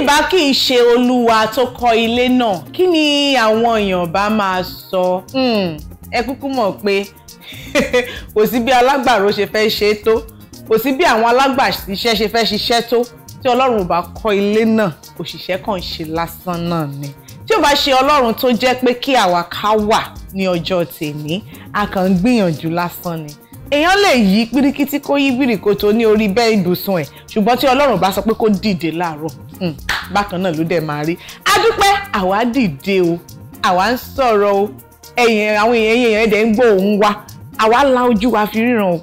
ìbá kì í ṣe olúwa tó kọ́ ilé náà kí ni àwọn èèyàn bá máa sọ hmm, ẹ kúkú mọ̀ pé kò sí bí alágbàro ṣe fẹ́ ṣe é tó kò sí bí àwọn alágbàṣiṣẹ́ ṣe fẹ́ ṣiṣẹ́ tó tí ọlọ́run bá kọ́ ilé náà òṣìṣẹ́ kàn ṣe lásán náà ni tí ó bá ṣe ọlọ́run tó jẹ́ pé kí àwa ká wà ní ọjọ́ tèmi a kàn ń gbìyànjú lásán ni èèyàn lè yí píríkítí kó yí bìrìkòtò ní orí bẹ́ẹ̀ ibùsùn ẹ̀ ṣùgbọ́n tí ọlọ́run bá sọ pé kó dìde láàárọ̀ Hmm, bákan náà ló dẹ̀ máa rí a dúpẹ́ àwa dìde o àwa ń sọ̀rọ̀ o ẹ̀yìn àwọn èèyàn ẹ̀yìn èèyàn ẹ̀dẹ̀ ń gbọ́ òun wa àwa la ojú wa fi ríran o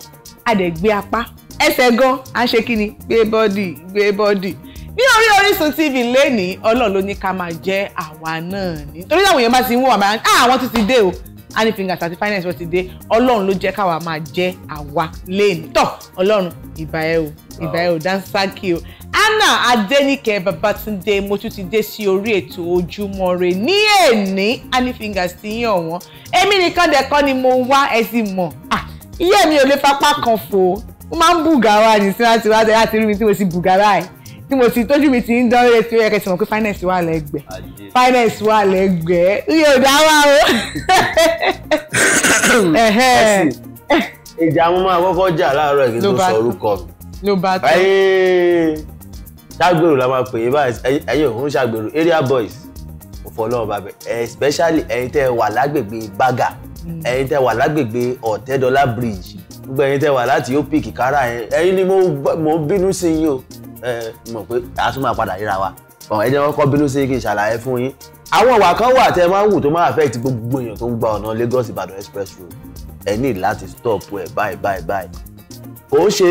a dẹ̀ gbé apá ẹsẹ̀ gan à ń ṣe kí ni gbé bọ́dì gbé bọ́dì ní orí Orísun TV lẹ́nìí ọlọ́run ló ní ká máa jẹ́ àwa náà ní torí àwọn èèyàn bá ti ń wọ̀ àmà ah, àwọn ti ti dé o honey fingers àti finance wọ́n ti dé ọlọ́run ló jẹ́ káwa máa jẹ́ àwa lẹ́nu tọ̀ ọlọ́run ìbà ẹ o ìbà ẹ o dansaki o anna adenike babatunde mo tún ti dé sí orí ètò ojúmọ́ re ní èní honey fingers ti yàn wọ́n èmi nìkan dẹ̀ kọ́ ni mo wá ẹ ti mọ̀ ah, iye mi ò lè fapá kan fò ó máa ń bùgà wa ní sinmi láti wá láti rí mi tí mo ti bùgà báyìí tí mo ti tójú mi ti ń dán létí ó yẹ kẹsì mọ̀ pé finance wà lẹ́gbẹ̀ẹ́ finance wà lẹ́gbẹ̀ẹ́ yóò dá wa o. ìjà mo máa kọ́kọ́ jà láàárọ̀ ìgbésí tó sọ orúkọ mi. ló bá tó ṣàgbèrò la máa pè é báyìí ẹ̀yin òun ṣàgbèrò area boys kò fọlọ́ ọba bẹ̀ especially ẹ̀yin tẹ́ wà lágbègbè Baga hmm. ẹ̀yin tẹ́ wà lágbègbè Ọ̀tẹ́dọ́là bridge gbogbo ẹ̀yin tẹ́ wà láti Opic Ìkárà ẹ̀yin ni mo bínú sí yín o ẹ mọ̀ pé a tún máa padà ríra wa ẹ jẹ́ kọ́kọ́ bínú sí kí n ṣàlàyé fún yín àwọn ìwà kan wà tẹ́ máa ń wù tó máa affect gbogbo èèyàn tó ń gba ọ̀nà Lagos Ìbàdàn express road ẹ ní láti stop ẹ báyìí báyìí báyìí kò ń ṣe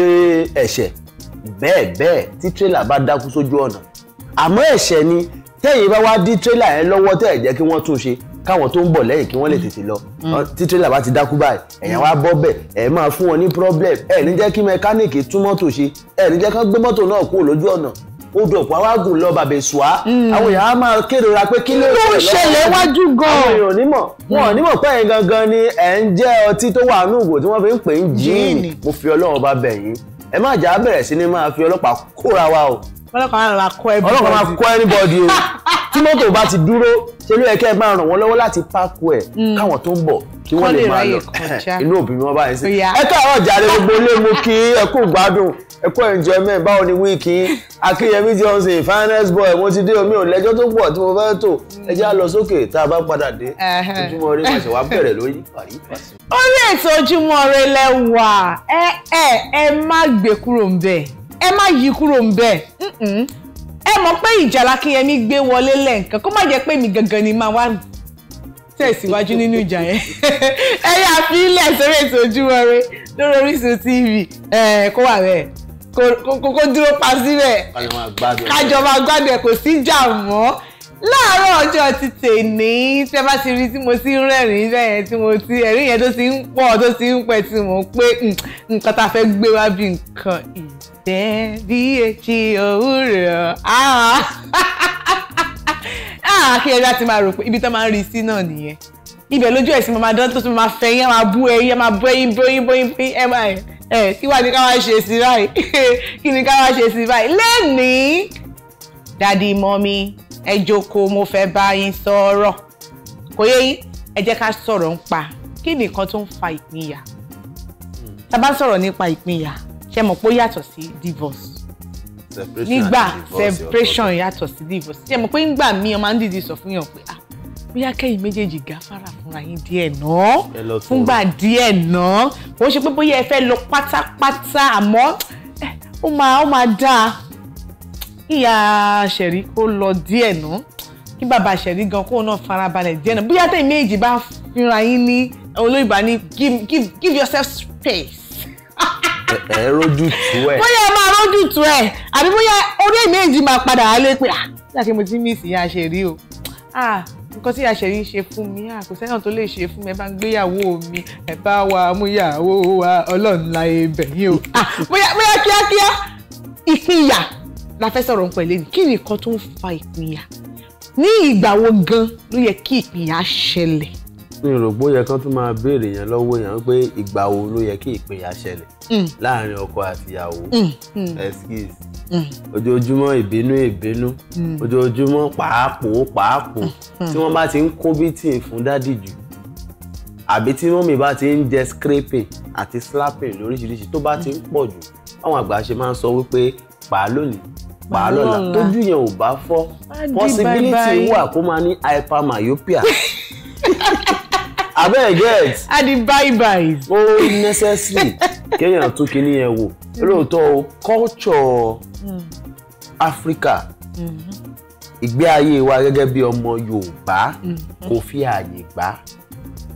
ẹ̀ṣẹ̀ bẹ́ẹ̀ bẹ́ẹ̀ tí tírélà bá dákú sójú ọ̀nà àmọ́ ẹ̀ṣẹ̀ ni tẹ́yìn bá wá dí tírélà yẹn lọ́wọ́ tẹ́ ẹ̀ jẹ́ kí wọ́n tún káwọn tó ń bọ̀ lẹ́yìn kí wọ́n lè mm. tètè lọ tí mm. tírélà bá ti dákú báyìí ẹ̀yàn wá bọ́ bẹ̀ ẹ̀ máa fún wọn ní problem ẹ̀ ní jẹ́ kí mẹkáníìkì tún mọ́tò ṣe ẹ̀ ní jẹ́ kí wọ́n gbé mọ́tò náà kúrò lójú ọ̀nà odò ọ̀pọ̀ awágùn lọ bàbẹ̀ ṣùá mm. àwọn èèyàn á máa kérora pé kí ló ń ṣẹlẹ̀ wájú gan-an àwọn èèyàn onímọ̀ wọn onímọ̀ pé ẹ̀yin gangan ni ẹ̀ ń jẹ́ ọtí tó wà nù ìgò tí wọ́n fi ń pè ń jíìnì mo fi ọlọ́run bá bẹ̀ yín ẹ má jà á bẹ̀rẹ̀ sí ni máa fi ọlọ́pàá kóra wa o ọlọ́pàá máa kó ẹnibọ́dì o tí mọ́tò bá ti dúró ṣe ló yẹ kẹ́ ẹ máa ràn wọ́n lọ́wọ́ láti pákó ẹ̀ hmm. káwọn tó ń bọ̀ kí wọ́n lè máa lọ inú òbí wọn bá yẹn sí. ẹ káàárọ̀ jàre gbogbo ilé kí ẹ gbádùn ẹ kú enjoyment báwo ni wíìkì akínyẹmí johnson finance boy mo ti dé omi ò lẹ́jọ́ tó pọ̀ tí mo fẹ́ tò ẹ jẹ́ á lọ sókè tá a bá padà dé ojúmọ́ ire màṣẹ wàá bẹ̀rẹ̀ lórí parí pàṣẹ. orí ètò ojúmọ́ ire lẹ́wà ẹ ẹ ẹ má gbé kúrò ń bẹ̀ ẹ má yí kúrò ń bẹ̀ ẹ mọ̀ pé ìjà lakínyẹmí gbé wọlé lẹ́ǹkan kó má jẹ́ pé mi gangan ni máa wá tẹ̀síwájú nínú ìjà yẹn ẹ yà fi ilẹ̀ sẹ́rẹ̀ ètò Ojúmọ́ Ire lórí Orísun TV kó wà bẹ́ẹ̀ kó dúró pa síbẹ̀ kájọba gbádùn ẹ̀ kò sí ìjà mọ́ láàárọ̀ ọjọ́ ti tèní tí ẹ bá ti rí tí mo ti ń rẹ́rìn-ín bẹ́ẹ̀ tí mo ti ẹ̀rín yẹn tó ti ń pọ̀ tó ti ń pẹ́ tí mo pé hmm, nǹkan tá a fẹ́ gbé wá bí nǹkan ìjẹ́ bí etí òwúrọ̀ ah! Ah, kí ẹ láti máa rò pé ibi tó máa ń rí sí náà nìyẹn ibẹ̀ lójú ẹ̀sìn máa dán tó tún máa fẹ̀yìn ẹ máa bú ẹyìn ẹ máa bú ẹyìn bóyín bóyín bí ẹ máa ẹ kí wàá ní ká wáá ṣe sí báyìí kí ni ká wáá ṣe sí báyìí lẹ́nìí dadi mọ́mí ẹ jókòó mo fẹ́ bá yín sọ̀rọ̀ kò yé yín ẹ jẹ́ ká sọ̀rọ̀ ń pa kí ni nǹkan tó ń fa ìpínyà tá sọ̀rọ̀ nípa ìpínyà ṣe mọ̀ pé yàtọ̀ sí divorce nígbà separation yàtọ̀ sí divorce ṣe mọ̀ pé ńgbà míì ọmọ ń dìde sọ fún yàn pé ah bóyá kẹ́yìn méjèèjì gáfárà fúnra yín díẹ̀ náà fúngbà díẹ̀ náà kò ṣe pé bóyá ẹ fẹ́ lọ pátápátá àmọ́ ó máa ó máa dáa ìyá ṣẹ̀rí kó lọ díẹ̀ nù kí bàbá ṣẹ̀rí gan kó náà farabalẹ̀ díẹ̀ nù bóyá tẹ̀yìn méjì bá fira yín ní olóyìnbá ní give yourself space. ẹ ẹ rójú tú ẹ. bóyá ẹ máa rójú tú ẹ àbí bóyá orí èmi èjì máa padà wálé pé ah láti mo ti miss ìyá ṣẹ̀rí o ah nǹkan tí àṣẹyìn ṣe fún mi ah, kò sẹ́yìn tó lè ṣe fún mi ẹ bá ń gbéyàwó mi ẹ bá wa múyàwó wa ọlọ́run la ebẹ̀ yín o ah, bóyá bóyá kíákíá ìpínyà la fẹ́ sọ̀rọ̀ nípa ìlérí kí ni nǹkan tó ń fa ìpínyà ní ìgbà wo gan ló yẹ kí ìpínyà ṣẹlẹ̀. mi ò rò pé ó yẹ kán tún máa béèrè yẹn lọ́wọ́ èèyàn pé ìgbà wo ló yẹ kí ìpínyà ṣẹlẹ̀ mm. láàrin ọkọ àtìyàwó mm. mm. excuse ojoojúmọ́ ìbínú ìbínú ojoojúmọ́ pàápòó pàápòó tí wọ́n bá ti ń kó bítì fún dádì jù àbí tí mọ́mì bá ti ń jẹ scraping àti slapping lóríṣiríṣi tó bá ti ń pọ̀ jù báwọn àgbà ṣe máa ń sọ wípé pàá lónìí pa á lọ́la tójú yẹn ò bá fọ́ possibility wà kó máa ní hypermyopia abeg get. a di bye bye. ó necessary Kenya tún kíní yẹn wò lóòótọ́ culture hmm. Africa hmm. ìgbé ayé wa gẹ́gẹ́ bí ọmọ Yorùbá hmm. kò fi ààyè gbà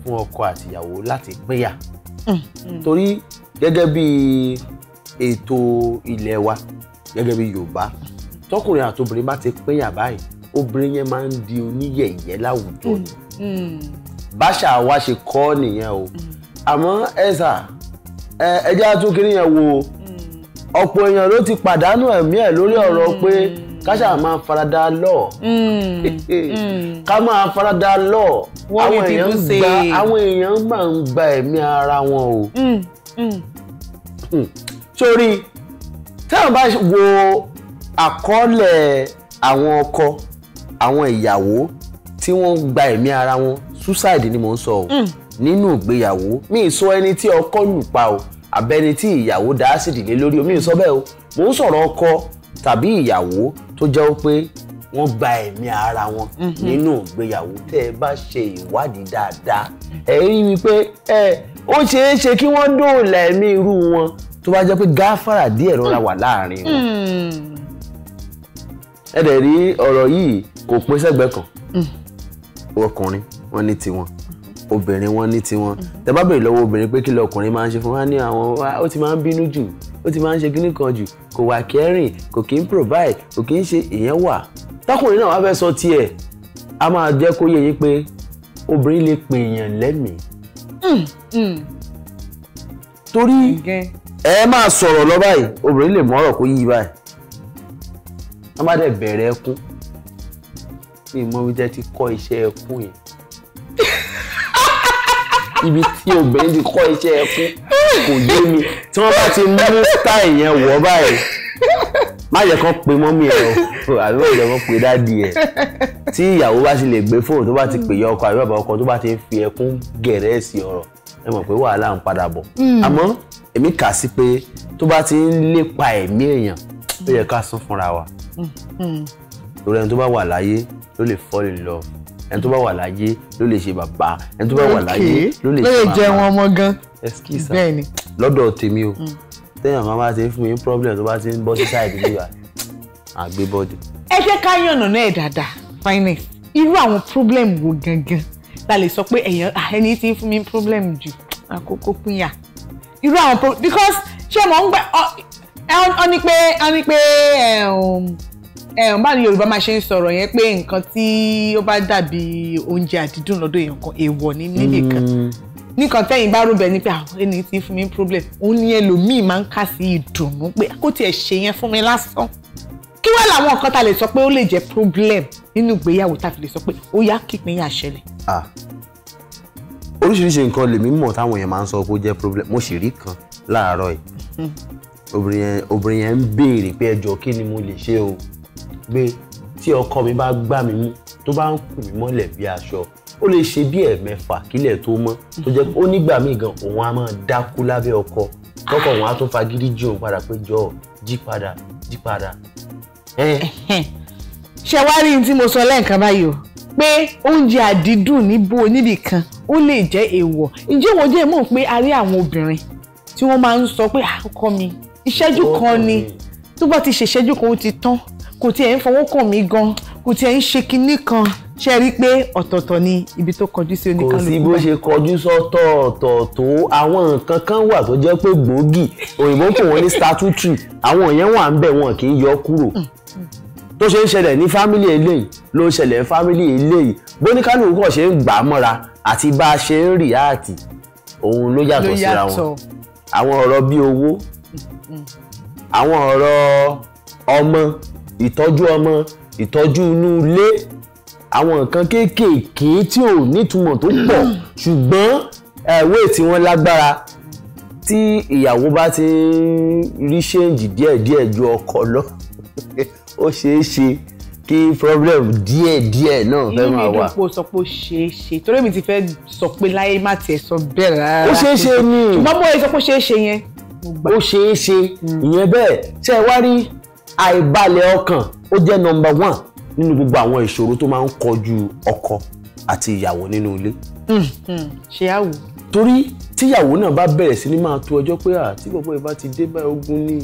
fún ọkọ àtìyàwó láti pínyà torí gẹ́gẹ́ bí ètò ilé wa gẹ́gẹ́ bí Yorùbá tọkùnrin àtobìnrin bá ti pínyà báyìí obìnrin yẹn máa ń di oníyẹ̀yẹ́ láwùjọ ni mm, mm. báṣà wa ṣe kọ́ nìyẹn o mm. àmọ́ ẹ̀sà ẹjẹ́ àtúnkiri yẹn wo ọ̀pọ̀ èèyàn ló ti pàdánù ẹ̀mí ẹ̀ lórí ọ̀rọ̀ pé káṣà máa farada lọ ká máa farada lọ àwọn èèyàn máa ń gba ẹ̀mí ara wọn o hmm. sórí táwọn bá wo àkọọ́lẹ̀ àwọn ọkọ àwọn ìyàwó tí wọ́n gba ẹ̀mí ara wọn suicide ni mò ń sọ o mm. nínú ìgbéyàwó mi ì sọ ẹni tí ọkọ lù pa o àbẹni tí ìyàwó dá ásìdì lé lórí o mi ì sọ bẹ́ẹ̀ o mò ń sọ̀rọ̀ ọkọ tàbí ìyàwó tó jẹ́ pé wọ́n gba ẹ̀mí ara wọn mm-hmm. nínú ìgbéyàwó tẹ́ ẹ bá ṣe ìwádìí dáadáa ẹ rí i pé ó ṣeé ṣe kí wọ́n dóòlà ẹ̀mí irú wọn tó bá jẹ́ pé gáfàrà díẹ̀ rọra wà láàrin wọn hmm. ẹ dẹ̀ rí ọ̀rọ̀ yìí kò pín sẹ́gbẹ́ kan hmm. ọkùnrin wọn ní tiwọn obìnrin wọn ní tiwọn tẹ́ bá béèrè lọ́wọ́ obìnrin pé kí lọ ọkùnrin máa ń ṣe fún wa ní àwọn ó ti máa ń bínú jù ó ti máa ń ṣe kíní kan jù kò wà kẹrin kò kí ń provide kò kí ń ṣe ìyẹn wà tákùnrin náà wá fẹ́ sọ tiẹ̀ a máa jẹ́ kó yé yín pé obìnrin lè pè èèyàn lẹ́mìí hmm. torí ẹ máa sọ̀rọ̀ lọ báyìí obìnrin lè mọ́rọ̀ kó yí báyìí wọ́n bá dẹ̀ bẹ̀rẹ̀ ẹkún mi mọ ibi tẹ́ ti kọ́ iṣẹ́ ẹkún yẹn ibi tí obìnrin ti kọ́ iṣẹ́ ẹkún kò yé mi tí wọ́n bá ti mú táì yẹn wọ̀ báyìí má jẹ́ kán pe mọ́mí ẹ̀ o àbí má jẹ́ kán pe dáàdi ẹ̀ tí ìyàwó bá ti lè gbé fóònù tó bá ti pè yọ ọkọ àbí bàbá ọkọ tó bá ti fi ẹkún gẹ̀rẹ́ sí ọ̀rọ̀ ẹ mọ̀ pé wàhálà ń padà bọ̀ hmm. àmọ́ èmi kà sí pé tó bá ti ń lépa ẹ̀mí èèyàn ó yẹ ká sún fúnra wa lórí ẹni tó bá wà láyé ló lè fall in love ẹni tó bá wà láyé ló lè ṣe bàbá ẹni tó bá wà láyé ló lè ṣe màmá ló lè jẹ wọn ọmọ gan bẹ́ẹ̀ ni lọ́dọ̀ tèmi o mm. téèyàn máa bá ti fún mi problem tó bá ti ń bọ́ sí sáìdì nígbà àgbé bọ́dì. ẹ jẹ́ ká yànnà náà ẹ̀ dáadáa finance irú àwọn problem wo gangan la lè sọ pé ẹ̀yàn ẹni tí ń fún mi problem jù àkókò pínyà irú àwọn pro because ṣé mo ń gbẹ ọ ní pé ọ ní pé báwo ni Yorùbá máa ṣe ń sọ̀rọ̀ yẹn pé nǹkan tí ó bá dàbí oúnjẹ àdídùn lọ́dọ̀ èèyàn kan èèwọ̀ ní nílé kan hmm. nìkan tẹ́yìn bá rúbẹ̀ ni pé àwọn ah, ẹni tí fún mi problem òun ni ẹlòmíì máa ń kà sí ìdùnnú pé kó tiẹ̀ ṣe yẹn fún mi lásán kí wá làwọn nǹkan tá lè sọ pé ó lè jẹ́ problem nínú ìgbéyàwó tá fi lè sọ pé ó yá kípín yà ṣẹlẹ̀. Ah oríṣiríṣi nǹkan lèmi mọ̀ táwọn èèyàn máa ń sọ pé ó jẹ́ problem mo sì rí kan láàárọ̀ yìí obìnrin yẹn obìnrin yẹn ń béèrè pé ẹjọ́ kí ni mo lè ṣe o pé tí ọkọ mi bá gbà mí mú tó bá ń kù mí mọ́lẹ̀ bí aṣọ ó lè ṣe bí ẹ̀ẹ̀mẹ́fà kílẹ̀ tó mọ́ tó jẹ́ ó nígbà míì gan òun á máa dákú lábẹ́ ọkọ tọkọ òun á tún fagídí jí òun padà pé jọ jí padà jí padà. ṣé wàá rí ní tí mo sọ lẹ́ẹ̀kan báyìí o pé oúnjẹ àdídùn níbo níbì kan ó lè jẹ́ èèwọ̀ ǹjẹ́ wo jẹ́ mọ̀ pé a rí àwọn obìnrin tí wọ́n máa ń sọ pé àkọ́kọ́ mi ìṣẹ́jú kan ni tó bá ti ṣèṣẹ́jú kan ó ti tán kò tiẹ̀ ń fọwọ́ kàn mí gan kò tiẹ̀ ń ṣe kinní kan ṣe rí i pé ọ̀tọ̀ọ̀tọ̀ ni ibi tó kọjú sí oníkálukú. kò sí bó ṣe kọjú sọ́tọ̀ọ̀tọ̀ tó àwọn nǹkan kan wà tó jẹ́ pé gbòógì òyìnbó kò wọ́n ní statutory àwọn yẹn wà ń bẹ̀ wọn kì í yọ kúrò mm tó ṣe ń ṣẹlẹ̀ ní fámìlì eléyìí ló ń ṣẹlẹ̀ ní fámìlì eléyìí bóníkálùkù kò ṣe ń gbà á mọ́ra àti bá a ṣe ń rìáàtì òun ló yàtọ̀ síra wọn àwọn ọ̀rọ̀ bíi owó àwọn ọ̀rọ̀ ọmọ ìtọ́jú ọmọ ìtọ́jú inú ilé àwọn nǹkan kéékèèké tí ò nítumọ̀ tó pọ̀ ṣùgbọ́n ẹ̀wé tí wọ́n lágbára tí ìyàwó bá ti ń rí ṣéǹjì díẹ̀díẹ̀ ju ọkọ lọ ó ṣeé ṣe kí problem díẹ̀ díẹ̀ náà fẹ́ máa wà. inú mi dùn pé o sọ pé ó ṣeé ṣe torí mi ti fẹ́ sọ pé láyé má tiẹ̀ sọ bẹ́ẹ̀ rárá. ó ṣeé ṣe ni. ṣùgbọ́n bóyá sọ pé ó ṣeé ṣe yẹn. ó ṣeé ṣe hmm. ìyẹn bẹ́ẹ̀ ṣe wá rí àìbalẹ̀ ọkàn ó jẹ́ number one nínú gbogbo àwọn ìṣòro tó máa ń kojú ọkọ àti ìyàwó nínú ilé. Hmm, hmm, ṣe á wò. torí tíyàwó náà bá bẹ̀rẹ̀ sí ní máa tó ọjọ́ pé àti gbogbo ìbá ti dé báyìí ogun ni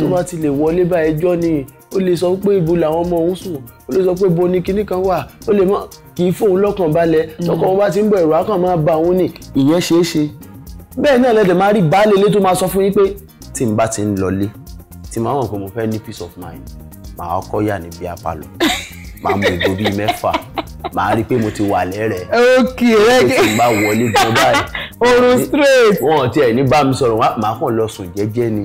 tó bá ti lè wọlé báyìí ẹjọ́ ni ó lè sọ pé ibo làwọn ọmọ òun sùn ó lè sọ pé bo ni kinní kan wà ó lè mọ kì í fóun lọ́kàn balẹ̀ hmm. tọkọ wọn bá ti ń bọ̀ ẹ̀rọ akàn máa ba òun ni ìyẹn ṣeé ṣe bẹ́ẹ̀ náà lẹ́dẹ̀ máa rí baálé ilé tó máa sọ fún yín pé tí n bá ti ń lọlé tí màá mọ̀ pé mo fẹ́ ní peace of mind màá ọkọ yà ní bí apá màá mú ìgò bíi mẹ́fà màá rí i pé mo ti wà lẹ́rẹ̀. ok rẹ́gẹ́ straight. wọn ò tiẹ̀ ní bá mi sọ̀rọ̀ màá kàn lọ sùn jẹ́jẹ́ ni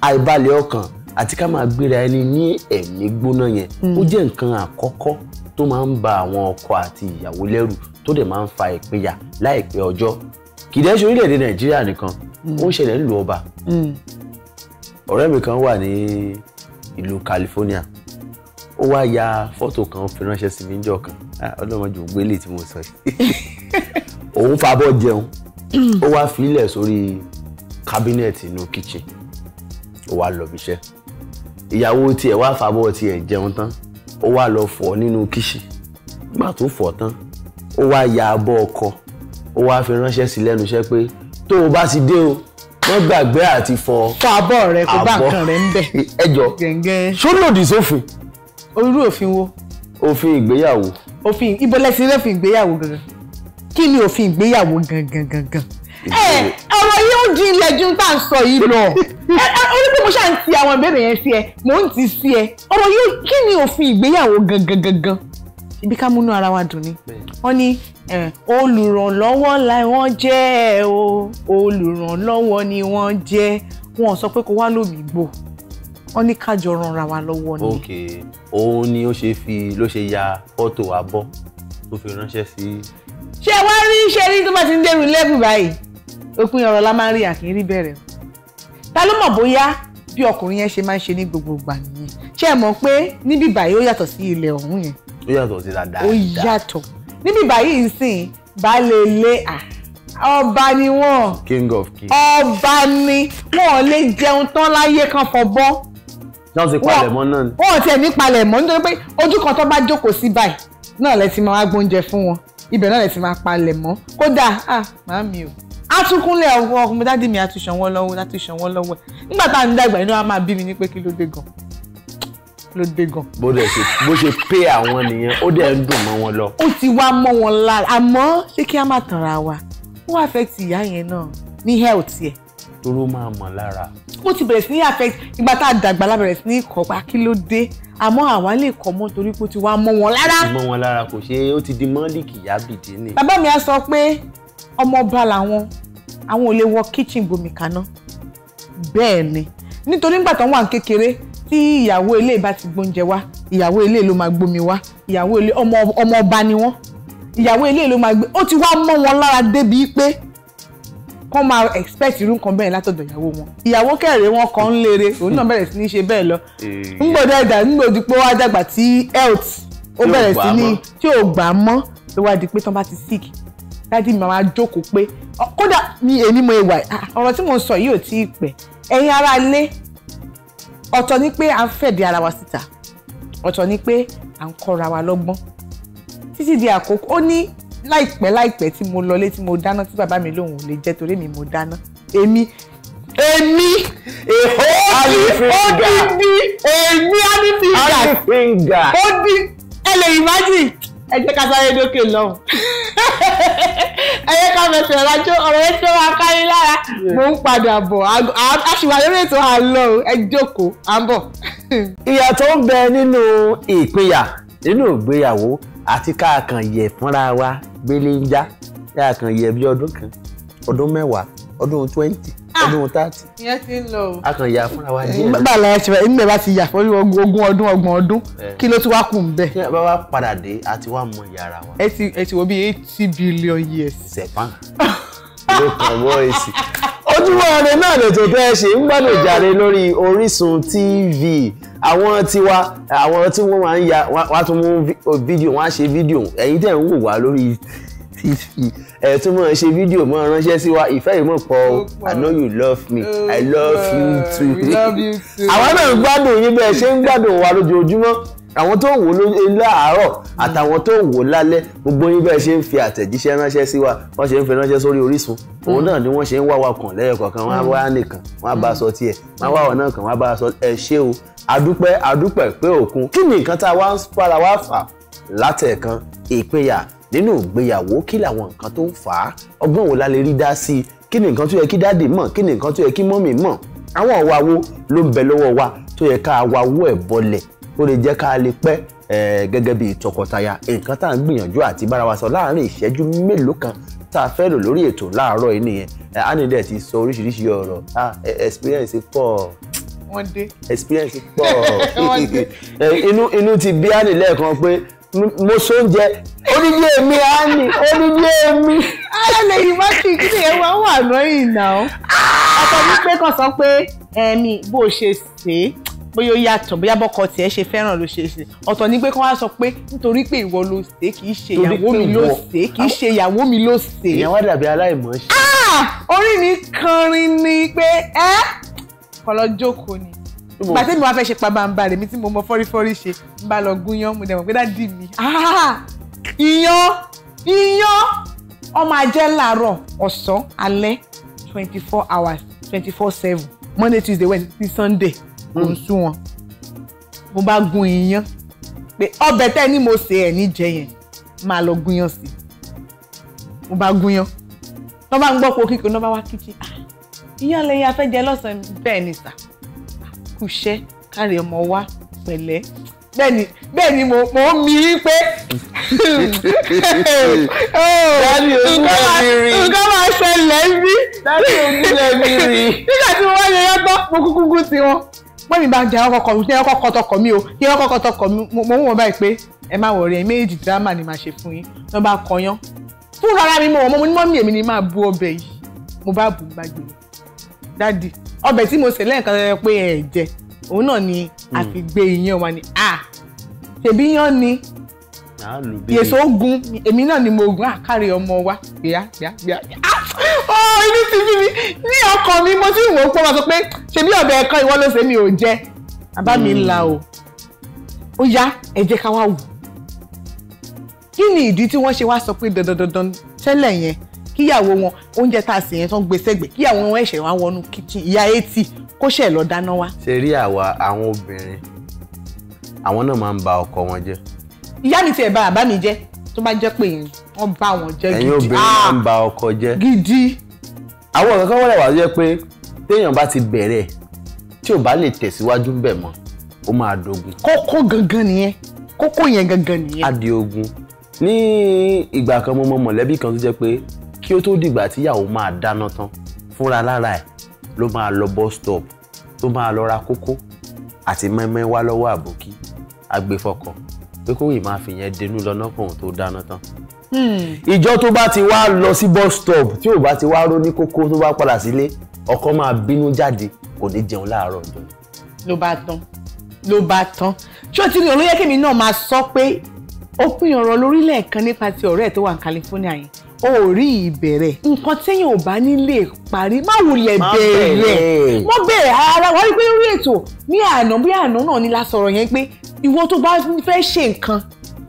àìbalẹ̀ ọkàn àti ká máa gbéra ẹni ní ẹ̀mí gbóná yẹn hmm. ó jẹ́ nǹkan àkọ́kọ́ tó máa ń ba àwọn ọkọ àti ìyàwó lẹ́rù tó dẹ̀ máa ń fa ìpínyà láìpẹ́ ọjọ́ kìdẹ́ ṣe orílẹ̀-èdè nàìjíríà nìkan ó ń ṣẹlẹ̀ nílùú ọba hmm. ọ̀rẹ́ mi kan wà ní ìlú California ó wá ya fọ́tò kan fi ránṣẹ́ sí mi níjọ́ kan ọlọ́mọdé ògbélé tí mo sọ yìí òun fabọ́ jẹun hmm. ó wá fi ilẹ̀ sórí kábínẹ̀tì inú kíchìn ó wá lọ bí iṣẹ́ ìyàwó tiẹ̀ wá fàbọ̀ tiẹ̀ jẹun tán ó wá lọ fọ̀ nínú kíṣì gbà tó fọ̀ tán ó wá ya abọ́ ọkọ ó wá fi ránṣẹ́ sí lẹ́nu iṣẹ́ pé tó o bá ti dé o wọ́n gbàgbé àti fọ̀ fọ̀ abọ́ rẹ kó bá nǹkan rẹ ń bẹ̀ ẹjọ́ ṣó lòdì sófin. orú òfin wo. òfin ìgbéyàwó. òfin ibo lẹsìn lófin ìgbéyàwó gangan kí ni òfin ìgbéyàwó gangan gangan. ẹ ọ̀rọ̀ yìí ó di ilẹ̀ ju tá à ń sọ yìí lọ mo ṣáà ń ti àwọn ìbéèrè yẹn sí ẹ mò ń ti sí ẹ ọmọ yìí kí ni òfin ìgbéyàwó gangan gangan ibi ká múnú ara wa dùn ni wọ́n ní olùrànlọ́wọ́ la wọ́n jẹ́ o olùrànlọ́wọ́ ni wọ́n jẹ́ wọn sọ pé kó wá lómi gbò wọ́n ní kájọ ranra wa lọ́wọ́ ni. ok òun ni ó ṣe fi ló ṣe ya fọ́tò abọ́ tó fi ránṣẹ́ sí. ṣé wá rí ṣe rí tó bá ti ń dẹrù lẹ́bù báyìí òpin ọ̀rọ̀ la máa ń rí àkín bẹ̀rẹ̀ ta ló mọ̀ bóyá bí ọkùnrin yẹn ṣe máa ń ṣe ní gbogbo ìgbà nìyẹn ṣé ẹ mọ̀ pé níbí báyìí ó yàtọ̀ sí ilẹ̀ ọ̀hún yẹn. ó yàtọ̀ sí dáadáa. ó yàtọ̀ níbí báyìí nsìn baálé ilé à ọba ni wọ́n. king of kings. ọba ni wọn lè jẹun tán láyé kan fọbọ́. náà ti palẹ̀mọ́ náà ni. wọn ò tiẹ̀ ní palẹ̀mọ́ nítorí pé ojú kan tó bá jókòó sí báyìí náà lẹ ti máa gbóúnjẹ fún wọn ibẹ̀ náà lẹ ti máa palẹ̀mọ́ kódà ah màámi o atukunlẹ̀ ọkùnrin dáàdì mi àtúnṣanwọ́ lọ́wọ́ àtúnṣanwọ́ lọ́wọ́ nígbà tá à ń dàgbà inú wa máa bí mi ní pé kí ló dé gan ló dé gan. bó dẹ̀ ṣe bó ṣe pé àwọn nìyẹn ó dẹ̀ ń dùn mọ́ wọn lọ. ó ti wá mọ́ wọn lára àmọ́ ṣé kí a máa tànra wa ó wá affect ìyá yẹn náà ní health yẹn. toró máa mọ̀ lára. ó ti bẹ̀rẹ̀ sí ní affect ìgbà tá a dàgbà la bẹ̀rẹ̀ sí ní kọ́ pa kí ló dé àmọ́ àwa lè kọ́ mọ́ torí pé ó ti wá mọ́ wọn lára. mọ́ wọn lára kò ṣe é ó ti di mọ́ndìkì yábìdí ni. bàbá mi á sọ pé ọmọọba làwọn àwọn ò lè wọ kitchen gbomi kaná bẹ́ẹ̀ ni nítorí nígbà tó ń wà ní kékeré tí ìyàwó ilé ìbá ti gbóúnjẹ wá ìyàwó ilé ló máa gbomi wá ìyàwó ilé ọmọọba ni wọ́n ìyàwó ilé ló máa gbé ó ti wá mọ́ wọn lára débi pé kọ́ máa expect irú nǹkan bẹ́ẹ̀ látọ̀dọ̀ ìyàwó wọn ìyàwó kẹ̀rẹ̀ wọn kan ń lere òun náà bẹ̀rẹ̀ sí ní ṣe bẹ́ẹ̀ lọ eh. ńgbòdò ẹ̀dà ńgbòdì pé wàá dàgbà tí health ó bẹ̀rẹ̀ sí ní tí ò gbà mọ́ ló pé tán bá ti sick dádì mi máa jókòó pé kódà mi èmi mo ìwà ah, ọ̀rọ̀ tí mo sọ yìí ò tí ì pẹ́ ẹ̀yin ará ilé ọ̀tọ̀ ni pé à ń fẹ̀dí ara wa síta ọ̀tọ̀ ni pé à ń kọ́ra wa lọ́gbọ́n títí di àkókò ó ní láìpẹ́ láìpẹ́ tí mo lọlé tí mo dáná tí bàbá mi lòun ò lè jẹ́ torí mi mo dáná èmi èmi èho odindi èmi anifinga odindi ẹ lè imagine ẹ jẹ́ ká sáré dókè lọ́hùn ẹ jẹ́ ká fẹsẹ̀ rájọ́ ọ̀rọ̀ yẹn tó máa kárí lára mo ń padà bọ̀ a sì wà lórí ètò àlọ́ ẹ jókòó à ń bọ̀. ìyà ń bẹ nínú ìpínyà nínú ìgbéyàwó àti káàkàn yẹ fúnra wa gbélé ń já káàkàn yẹ bí ọdún kan ọdún mẹ́wàá ọdún twenty ah! ọdún thirty. ìyẹn ti ń lọ o. a kàn yà fúnra wa díẹ̀. bàbá àlàyé ti bẹ̀rẹ̀ ìgbẹ́ bá ti yà fún ogún ọdún ọgbọ̀n ọdún kí ló ti wá kù ń bẹ̀. bá wá padà dé a ti wá mọ yàrá wa. ẹ ti ẹ ti wọ bí eighty billion years. sẹ̀pán ló kàn wọ́ èsì. ojúmọ́ ire náà lètò tẹ́ ẹ ṣe ń gbádùn jàre lórí Orísun TV àwọn tiwa àwọn tí wọ́n máa ń ya wọ́n á tún mú fídíò wọ́n á ṣe fídíò ẹ̀yin tẹ̀ ń wò wá lórí TV ẹ tún máa ṣe fídíò máa ránṣẹ́ sí wa ìfẹ́ yìí mọ̀ pọ̀ o I know you love me I love you too. àwa náà ń gbádùn yín bẹ́ẹ̀ ṣe ń gbádùn wa lójoojúmọ́ àwọn tó ń wò láàárọ̀ àtàwọn tó ń wò lálẹ́ gbogbo yín bẹ́ẹ̀ ṣe ń fi àtẹ̀jíṣẹ́ ránṣẹ́ sí wa wọ́n ṣe ń fi ránṣẹ́ sórí Orísun òun náà ni wọ́n ṣe ń wá wa kàn lẹ́yọ̀kọ̀ọ̀kan wọ́n á wá nìkan wọ́n á bá a sọ tiẹ̀ wọ́n á wá wọn náà kàn wọ́n á bá a sọ ẹ ṣé o adúpẹ́ adúpẹ́ pé òkun kí ni nǹkan tá a wá ń fara wá fà látẹ̀ẹ̀kan ìpínyà nínú ìgbéyàwó kí làwọn nǹkan tó ń fà á ọgbọ́n wo la lè rí dá sí i kí ni nǹkan tó yẹ kí dáàdì mọ̀ kí ni nǹkan tó yẹ kí mọ́mì mọ̀ àwọn ọ̀wá wo ló ń bẹ lọ́wọ́ wa tó yẹ ká wa wó ẹ̀ bọlẹ̀ ó lè jẹ́ ká lè pẹ́ gẹ́gẹ́ bí tọkọtaya nǹkan tá à ń gbìyànjú àti bára wa sọ láàárín ìṣẹ́jú mélòó kan tá a fẹ́ lò lórí ètò láàárọ̀ yìí nìyẹn anidẹ ti sọ oríṣiríṣi ọ̀rọ̀ ah, experience pọ̀ wọ́n dé experience pọ̀ inú inú ti bí anilẹ̀ kan pé mo sóúnjẹ Only me, onílé only àánì onílé me. alẹ́ yunifásitì kí ni ewa wà lọ́yìn náà. ọkọ mi pé kàn sọ Ah, ẹ̀mí bó o ṣe ṣe é bóyá ó yàtọ̀ bóyá bọ́kọ tiẹ̀ ṣe fẹ́ràn ló ṣe ṣe ọ̀tọ̀ ní pé kí wọ́n á sọ pé nítorí pé ìwọ ló ṣe kì í ṣe ìyàwó mi ló ṣe kì í ṣe ìyàwó mi ló ṣe. ìyẹn wá dàbí aláìmọ̀ ṣe. Ah! orí mi kanrin ni pé ẹ kọlọ jókòó ni gbà tẹ́mi wá fẹ́ ṣe pabambarè mi tí mo mọ fọ́rífọ́rí ṣe ń bá lọ gúnyán mo dẹ̀ mọ̀ pé dá dì Ah, iyán iyán ọmọ ajẹ́ láàárọ̀ ọ̀sán alẹ́ twenty four hours twenty four seven monday tuesday wednesday sunday kò ń hmm. sún wọn mo bá gun iyán pé ọbẹ̀ tẹ́ ni mo sè ẹ̀ níjẹ yẹn máa lọ gúnyán sí i mo bá gúnyán tó bá ń gbọ́ po kíkó náà bá wá kíkí ah, iyán lẹ́yìn afẹ́jẹ lọ́sàn-án bẹ́ẹ̀ ni sà kùṣẹ́ kárí ọmọ wa pẹ̀lẹ́ bẹ́ẹ̀ni bẹ́ẹ̀ni mo mo ń mi í pé nǹkan máa ṣẹlẹ̀ bí nígbà tí wọ́n yẹ yọ́tọ́ mo kúkú gún sí wọn pé mi bá ń jẹ ẹran kọkọ mi ẹran kọkọ tọkọ mi o ẹran kọkọ tọkọ mi mo ń wọ̀n báyìí pé ẹ má wọ̀rẹ́ ẹ méjì dírámà ni màá ṣe fún yín ló bá kọyán fún rárá mi mo wọ̀ mo ní mọ́mí èmi ni máa bu ọbẹ̀ yìí mo bá bù ú gbàgbé dáàdì ọbẹ̀ tí mo sè lẹ́ẹ̀kan pé ẹ̀ jẹ òun náà ni àfi gbé iyán wa ni ah ṣèbí yán ni yèsò ogun èmi náà ni mo gun àkàrẹ ọmọ wa gbìyà gbìyà gbìyà ọ inú ti bí mi ní ọkàn mi mo sì wò ó pé wọn sọ pé ṣèbí ọbẹ̀ ẹ̀kọ́ ìwọ ló ṣe mi ò jẹ bàbá mi ń hmm. o ó yá ẹ jẹ́ ká wá wò kí ni ìdí tí wọ́n ṣe wá sọ pé dandandandan tẹ́lẹ̀ yẹn kíyàwó wọn oúnjẹ tá a sì yẹn tó ń gbé sẹ́gbẹ̀ kíyàwó wọn ẹ̀ṣẹ̀ wá wọnú kíchìn ìyá etí kó ṣẹ̀ lọ dáná wá. ṣe rí àwa àwọn obìnrin àwọn náà máa ń ba ọkọ wọn jẹ́. ìyá mi tiẹ̀ bà bàbá mi jẹ́ tó bá jẹ́ pé wọ́n bá wọn jẹ́ gidi. ẹ̀yin obìnrin máa ń ah, ba ọkọ jẹ́. gidi. àwọn kankan wọ́n rẹ̀ wá jẹ́ pé téèyàn bá ti bẹ̀rẹ̀ tí ò bá lè tẹ̀síwájú bẹ̀ mọ́ ó máa dogun. kókó gangan nìyẹn kókó yẹn gangan nìyẹn. á di ogun ní ìgbà kan mo mọ mọ̀lẹ́bí kan tó jẹ́ pé kí ó tó dìgbà tíyàwó máa dáná tán fúnra lára ẹ̀ ló máa lọ bus stop tó máa lọ ra kókó àti mẹ́mẹ́ wá lọ́wọ́ àbòkí agbèfọkàn pé kó yìí máa fi yẹn denú lọ́nà kóhun tó dáná tán. Hmm. ìjọ tó bá ti wá lọ sí bus stop tí ò bá ti wá ró ní kókó tó bá padà sílé ọkọ máa bínú jáde kò ní jẹun láàárọ̀ ọjọ́. ló bá tán ló bá tán ṣó ti ní olóyè kèmí náà máa sọ pé ó pín ọ̀rọ̀ lórílẹ̀ kan nípa ti ọ̀rẹ́ ẹ̀ tó wà ní California yẹn o rí ìbẹ̀rẹ̀ nǹkan téèyàn ò bá nílé parí má wulẹ̀ bẹ̀rẹ̀ wọ́n bẹ̀rẹ̀ ara wọ́n rí pé orí ètò ní àná bí àná náà ni la sọ̀rọ̀ yẹn pé ìwọ tó bá fẹ́ ṣe nǹkan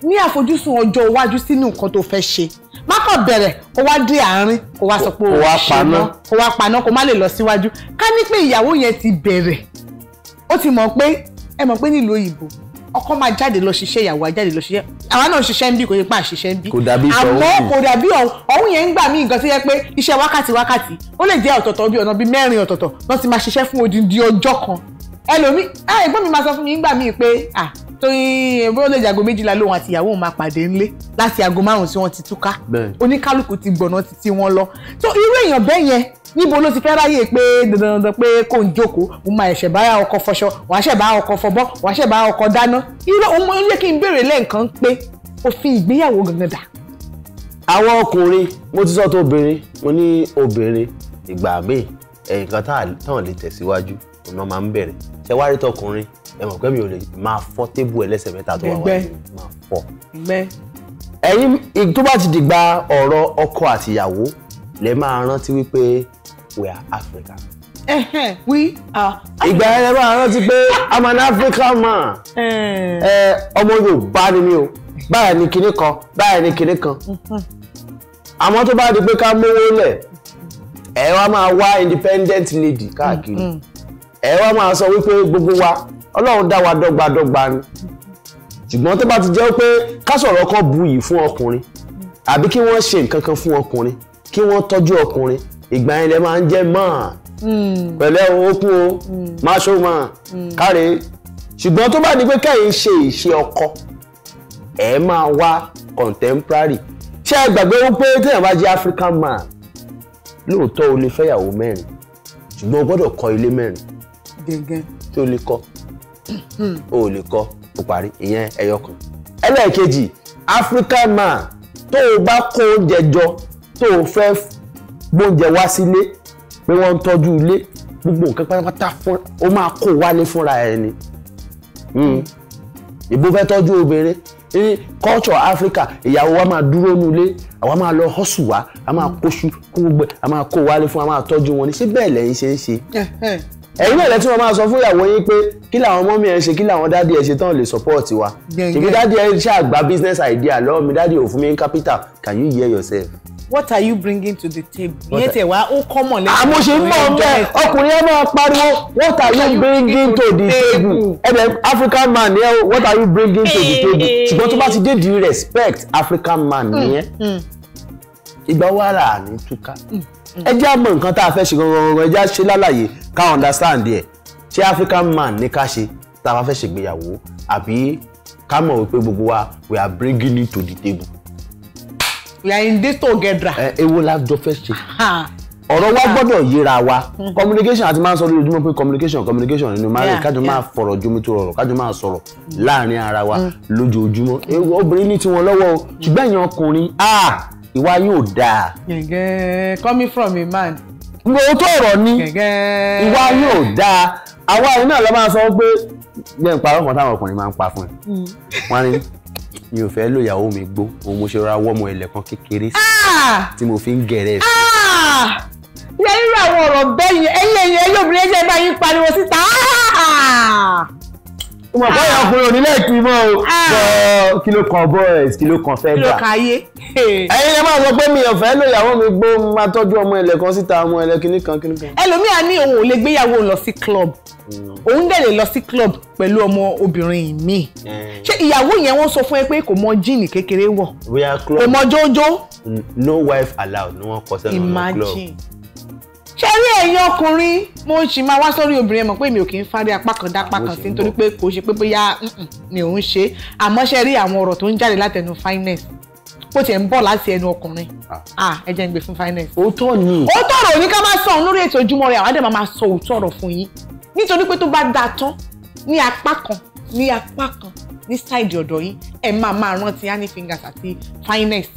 ní àfojúsùn ọjọ́ iwájú sínú nǹkan tó fẹ́ ṣe má kàn bẹ̀rẹ̀ kó wá dé àárín kó wá sọ pé ó wá paná kó wá paná kó má lè lọ síwájú ká ní pé ìyàwó yẹn ti bẹ̀rẹ̀ ó ti mọ̀ pé ẹ mọ̀ pé nílùú òyìnbó ọkọ máa jáde lọ ṣiṣẹ́ ìyàwó á jáde lọ ṣiṣẹ́ àwa náà ṣiṣẹ́ ń bí kò yẹ pé à ṣiṣẹ́ ń bí àmọ́ kò dàbí ọ̀hún yẹn ń gbà mí nǹkan tó yẹ pé iṣẹ́ wákàtí wákàtí ó lè jẹ́ ọ̀tọ̀ọ̀tọ̀ bí ọ̀nà bíi mẹ́rin ọ̀tọ̀ọ̀tọ̀ wọ́n ti máa ṣiṣẹ́ fún odindi ọjọ́ kan ẹlòmí ẹ̀gbọ́n mi máa sọ fún mi nígbà míì pé ah torí bọ́lá ìjàgbọ́ méjìlá lòun àti ìyàwó máa pàdé ńlé láti aago márùn tí wọ́n ti túká oníkálukú ti gbọ̀nà títí wọn lọ tó irú èèyàn bẹ́ẹ̀ yẹn níbo ló ti fẹ́ ráyè pé dandandan pé kò ń jókòó mo máa ẹ̀ṣẹ̀ bá ọkọ fọṣọ wàá ṣẹ̀ bá ọkọ fọbọ́ wàá ṣẹ̀ bá ọkọ dáná irú ọmọ ilé kí n béèrè lẹ́ǹkan pé òfin ìgbéyàwó gangan dà. àwọn ọkùnrin mo ti sọ tó obìnrin mo ní obìnrin ìgbà míì ẹ̀yìn kan táwọn lè tẹ̀síwájú ọ̀nà máa ń bẹ̀rẹ̀ tẹ wá rí tọkùnrin ẹ mọ̀ ò lè máa fọ́ tébù ẹlẹ́sẹ̀ mẹ́ta tó wà wáyé máa fọ́. ẹ̀yin tó bá ti dìgbà ọ̀rọ̀ ọkọ àtìyàwó lẹ máa rántí wípé we are Africa. we are. ìgbà yẹn lẹ máa rántí pé i'm an African man. ọmọ Yorùbá ni mí o báyà ni kinní kan báyà ni kinní kan. Mm-hmm. àmọ́ tó bá di pé ká mówó lẹ̀ ẹ wá máa wá independent lady káàkiri. Mm -hmm ẹ wá máa sọ wípé gbogbo wa ọlọ́run dá wa dọ́gbadọ́gba ni ṣùgbọ́n tó bá ti jẹ́ pé kásọ̀rọ̀ kan bu yìí fún ọkùnrin àbí kí wọ́n ṣe nǹkan kan fún ọkùnrin kí wọ́n tọ́jú ọkùnrin ìgbà yẹn lẹ máa ń jẹ́ máa hmm. pẹ̀lẹ́ okun o máa ṣó máa káre ṣùgbọ́n tó bá di pé kẹ́yìn ṣe ìṣe ọkọ ẹ máa wá contemporary ṣé ẹ gbàgbé wípé téèyàn bá jẹ́ African man lóòótọ́ o lè fẹ́yàwó mẹ́rin ṣùgbọ́n o gbọ́dọ̀ kọ́ ilé mẹ́rin gẹ̀ngẹn. tí o lè kọ hmm. o ò lè kọ o parí ìyẹn ẹyọ kan. ẹlẹ́ẹ̀kejì African man tó o bá kó oúnjẹ jọ tó o fẹ́ gbóúnjẹ wá sílé pé wọ́n ń tọ́jú ilé gbogbo nǹkan pátápátá fún o máa kó wálé fúnra ẹ ni hmm. ìbò fẹ́ tọ́jú obìnrin ní culture Africa ìyàwó wa máa dúró nulẹ̀ àwa máa lọ hustle wa a máa kóṣù kó gbẹ a máa kó wálé fún a máa tọ́jú wọn ní ṣé bẹ́ẹ̀ lẹ́yìn ṣe ń ṣe ẹ̀yin náà lẹ́tí wọn máa sọ fún ìyàwó yín pé kí làwọn mọ́mí ẹ ṣe kí làwọn dádì ẹ ṣe tán lè support wa ṣèbí dádì ẹ ṣàgbá business idea lọ́wọ́ mi dádì ò mi ní capital can you hear yourself what are you bringing to the table? yẹn tẹ wá ó kọ́mọ̀ lẹ́yìn. àmọ́ ah, ṣe ń bọ̀ ọ́nbẹ́ ọkùnrin ẹ máa pariwo what are you bringing to the table? ẹ̀bẹ̀ African man ni ẹ what are you bringing to the table? ṣùgbọ́n tó bá ti dé di respect African man ni ẹ mm, mm. ìgbà wàrà ní túká. Mm ẹ jẹ́ àmọ́ nǹkan tá a fẹ́ ṣe gangan ẹ jẹ́ àṣe lálàyé ká understand ẹ̀ ṣé African man ní ká ṣe tá a bá fẹ́ ṣègbéyàwó àbí ká mọ̀ wípé gbogbo wa we are bringing it to the table. we are in this together. ẹ ewo la jọ fẹ́ ṣe ọ̀rọ̀ wa gbọ́dọ̀ yíra wa mhm. communication àti máa ń sọ lójoojúmọ́ pé communication communication nínú marriage kájọ máa fọ̀rọ̀ jomitoro ọ̀rọ̀ kájọ máa sọ̀rọ̀ mm. láàrin ara wa mm. lójoojúmọ́ obìnrin ní tiwọn lọ́wọ́ o mm. ṣùgbọ́n ẹ̀yin ọkùnrin ah! ìwà yóò dáa. gẹ̀gẹ́ coming from a man. gbogbo tó ọ̀rọ̀ ni ìwà yóò dáa àwa yìí náà lọ máa sọ pé jẹ́ nípa ọkàn táwọn ọkùnrin máa ń pa fún ẹ. Hmm. wọ́n ní mi ò fẹ́ lo ìyàwó mi gbó òun mo ṣe rọra wọ́mọ ilẹ̀ kékeré ah! tí mo fi ń gẹ̀rẹ́ ẹ̀ lẹ́yìn ah! àwọn ọ̀rọ̀ bẹ́yìn ẹ̀yìn ẹ̀yìn ẹ̀yìn obìnrin ẹ̀jẹ̀ bá yín pariwo síta. Ah! mo kọ́ yà fún onílẹ̀ kí mọ́ o ah. kí ló kan boys kí ló kan fẹ́ gbà. kí ló kan ayé. ẹ̀yin ẹ máa sọ pé mi ò fẹ́ lò ìyàwó mi gbó máa tọ́jú ọmọ ẹlẹ́ kan síta ọmọ ẹlẹ́ kìíní kan kìíní kan. ẹlòmíà ní òun ò lè gbéyàwó lọ sí club hmm. òun dẹ̀ lè lọ sí club pẹ̀lú ọmọ obìnrin mi. Hmm. ṣé ìyàwó yẹn wọ́n sọ fún ẹ pé kò mọ jíìnì kékeré wọ̀ kò mọ jójó. no wife allowed ni wọ́n kọ sẹ́nu ọ̀nà club. imagine ṣé rí ẹ̀yin ọkùnrin mo ń ṣì máa wá sórí obìnrin mọ̀ pé mi ò kì í fárí apá kan dápá kan sí nítorí pé kò ṣe pé bóyá mi ò ń ṣe àmọ́ ṣé rí àwọn ọ̀rọ̀ tó ń jáde látẹnu finance bó tiẹ̀ ń bọ̀ láti ẹnu ọkùnrin ah. ẹ jẹ́ ń gbé fún finance. òótọ́ ni òótọ́ ọ̀rọ̀ ní ká máa sọ òun lórí ètò ojúmọ́ rẹ̀ àwọn àdèmà máa sọ òótọ́ ọ̀rọ̀ fún yín nítorí pé tó bá dáa tán ní apá kan ní apá kan ní sáìdì ọ̀dọ̀ yín ẹ máa máa rántí honey fingers àti finance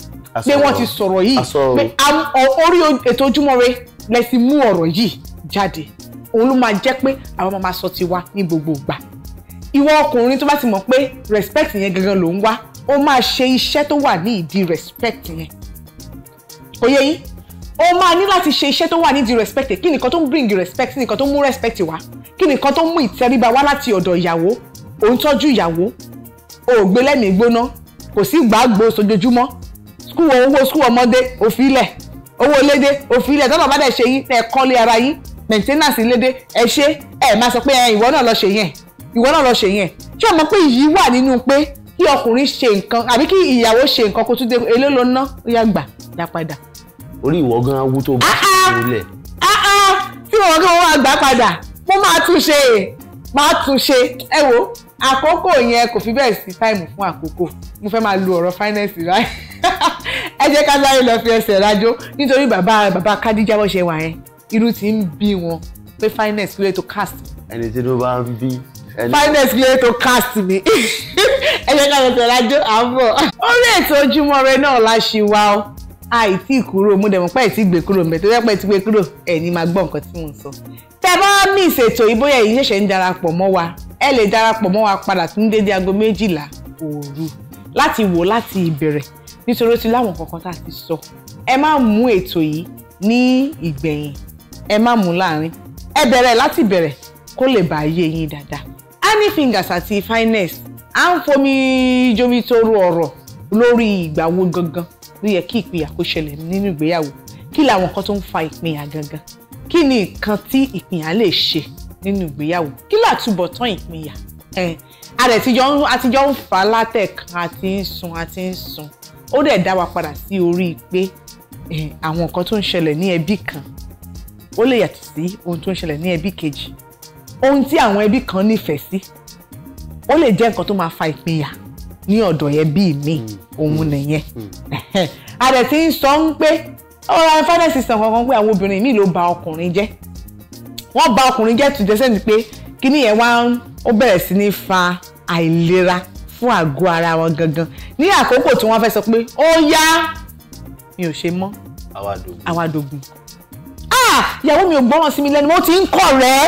pé wọ́n ti sọ̀rọ̀ yìí pé orí ètò ojúmọ́ rẹ̀ lẹ ti mú ọ̀rọ̀ yìí jáde òun ló máa jẹ́ pé àwọn máa sọ tiwa ní gbogbo ìgbà ìwọ ọkùnrin tó bá ti mọ̀ pé respect yẹn gangan ló ń wá ó máa ṣe iṣẹ́ tó wà ní ìdí respect yẹn kò yẹ yín ó máa ní láti ṣe iṣẹ́ tó wà nídìí respect kí nìkan tó ń bring respect kí nìkan tó ń mú respect wá kí nìkan tó ń mú ìtẹríba wá láti ọ̀dọ̀ ìyàwó ò ń tọ́jú ìyàwó ò gbé lẹ́mìí gbóná kò sí gbàgbó sojoojúmọ́ skul owó skul ọmọdé òfin ilẹ̀ owó léde òfin ilẹ̀ tọ́lọ̀ bá dẹ̀ ṣe yín ẹ̀ kọ́lé ara yín maintenance léde ẹ ṣe ẹ máa sọ pé ìwọ náà lọ ṣe yẹn ìwọ náà lọ ṣe yẹn ṣé o mọ̀ pé yìí wà nínú pé kí ọkùnrin ṣe nǹkan àbí kí ìyàwó ṣe nǹkan kó tún dé elé ló ná ó yá gbà dá padà. orí ìwọ gan awú tó bá ṣe ah, ah. lẹ. Ah, tí wọn kí wọn máa gbà padà mo máa tún ṣe máa tún ṣe ẹ wo àkókò yẹn kò fi bẹ́ẹ̀ sí táìmù fún àkókò mo fẹ́ máa lo ọ̀rọ̀ finance right ẹ jẹ́ ká sáré lọ fi ẹsẹ̀ rájó nítorí bàbá bàbá kádíjà bọ́ ṣe wà yẹn irú ti ń bí wọn pé finance kílẹ̀ tó cast. ẹni tí ló bá ń bí. finance kílẹ̀ tó cast mi ẹ jẹ́ ká lọ fi rájó à ń bọ̀. orí ètò ojúmọ́ ire náà la ṣì wá ọ àìtí kúrò mo dẹ̀ mọ̀ pé àìtí gbé kúrò mbẹ̀ tó yẹ pé ti gbé kúrò ẹ̀ ní máa gbọ́ nǹkan tí mò ń sọ. tẹ bá mí ìṣètò ìbóyá yìí ṣẹ̀ṣẹ̀ ń darapọ̀ mọ́ wa ẹ lè darapọ̀ mọ́ wa padà tún dédé aago méjìlá òru láti wò láti ìbẹ̀rẹ̀ nítorí ó ti láwọn kankan tá a ti sọ ẹ má mú ètò yìí ní ìgbẹ̀yìn ẹ má mú láàrin ẹ bẹ̀rẹ̀ láti bẹ̀rẹ̀ kó lè bá yé yín dáadáa honey fingers àti fineness à ń fomi jomi toro ọ̀rọ̀ lórí ìgbà wo gangan ló yẹ kí ìpínyà kó ṣẹlẹ̀ nínú ìgbéyàwó kí làwọn kan tó ń fa ìpínyà gangan kí ni nǹkan tí ìpínyà lè ṣe nínú ìgbéyàwó kí làtúbọ̀ tán ìpínyà ẹ̀ àdẹ̀ àtijọ́ ń fa látẹ̀kan àti ń sun àti ń sun ó dẹ̀ dá wa padà sí orí pé àwọn nǹkan tó ń ṣẹlẹ̀ ní ẹbí kan ó lè yàtọ̀ sí ohun tó ń ṣẹlẹ̀ ní ẹbí kejì ohun tí àwọn ẹbí kan nífẹ̀ẹ́ sí ó lè jẹ́ nǹkan tó máa fa ìpínyà ní ọ̀dọ̀ ẹbí mi hmm. òun hmm. nìyẹn hmm. a dẹ̀ ti ń sọ ń pé ọ̀rọ̀ finance system kankan pé àwọn obìnrin mi ló ba ọkùnrin jẹ́ wọ́n ba ọkùnrin jẹ́ tùjẹ́sẹ́ ni pé kíní yẹn wá ó bẹ̀rẹ̀ sí ní fa àìlera fún àgọ́ ara wọn gangan ní àkókò tí wọ́n fẹ́ sọ pé ó yá mi ò ṣe mọ́ àwàdògùn ah! ìyàwó mi ò gbọ́ràn sí mi lẹ́nu mo ti ń kọ̀ rẹ́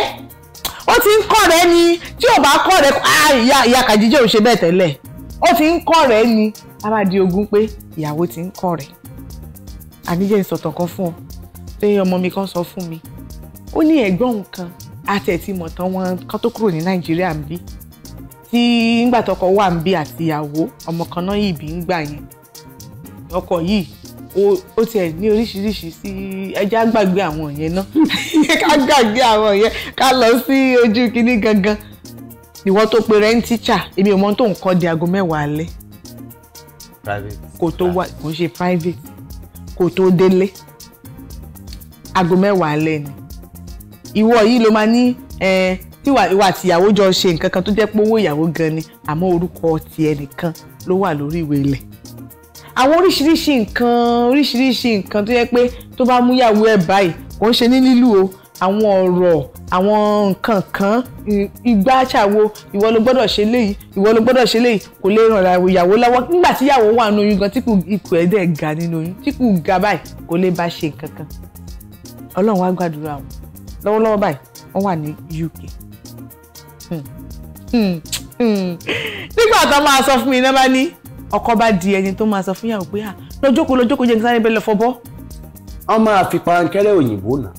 ó ti ń kọ̀ rẹ́ ni tí ò bá kọ̀ rẹ́ ah, ìyá ìyá kàjíjẹ́ ò ṣe bẹ́ẹ̀ tẹ́lẹ̀ ó ti ń kọ̀ rẹ́ ni a bá di ogún pé ìyàwó ti ń kọ̀ rẹ́ àníjẹ́ ìsọ̀tàn kan fún ọ pé ọmọ mi kan sọ fún mi ó ní ẹ̀gbọ́n nǹkan àtẹ̀tìmọ̀ tán wọn kan tó kúrò ní Nàìjíríà ń bí tí ngbà tọkọ wà ń bí àtìyàwó ọmọ kan náà yìí bí ń gbà yẹn ọkọ yìí ó tiẹ̀ ní oríṣiríṣi sí ẹja gbàgbé àwọn yẹn náà ká gbàgbé àwọn yẹn ká lọ sí ojú kínní gangan ìwọ tó pe rẹ ń tíṣà èmi ò mọ tó nǹkan di aago mẹ́wàá alẹ́ kò tó wà kò ń ṣe private kò tó délé aago mẹ́wàá alẹ́ ni ìwọ yìí ló máa ní tí ìwà àtìyàwó jọ ṣe nǹkan kan tó jẹ́ pé owó ìyàwó gan ni àmọ́ orúkọ tiẹ̀ nìkan ló wà lórí ìwé ilẹ̀ àwọn oríṣiríṣi nǹkan oríṣiríṣi nǹkan tó jẹ́ pé tó bá mú ìyàwó ẹ̀ báyìí kò ń ṣe ní lílù o àwọn ọ̀rọ̀ àwọn nǹkan kan igbá ṣàwo ìwọ ló gbọ́dọ̀ ṣe léyìí ìwọ ló gbọ́dọ̀ ṣe léyìí kò lè ràn ìyàwó lọ́wọ́ nígbà tí ìyàwó wà nínú oyún gan tí kò ikú ẹ̀ dẹ̀ ga nínú oyún tí kò ga báyìí kò lè bá ṣe nǹkan kan ọlọ́run wá gbàdúrà wọn lọ́wọ́lọ́wọ́ báyìí wọ́n wà ní UK nígbà tó máa sọ fún mi náà bá ní ọkọ bá di ẹni tó máa sọ fún yàwó pé lójókòó lójókòó jẹ́ nǹkan sáré bẹ́ẹ̀ lọ fọbọ́. ọmọ àfipáńkẹ́rẹ́ òyìnbó náà.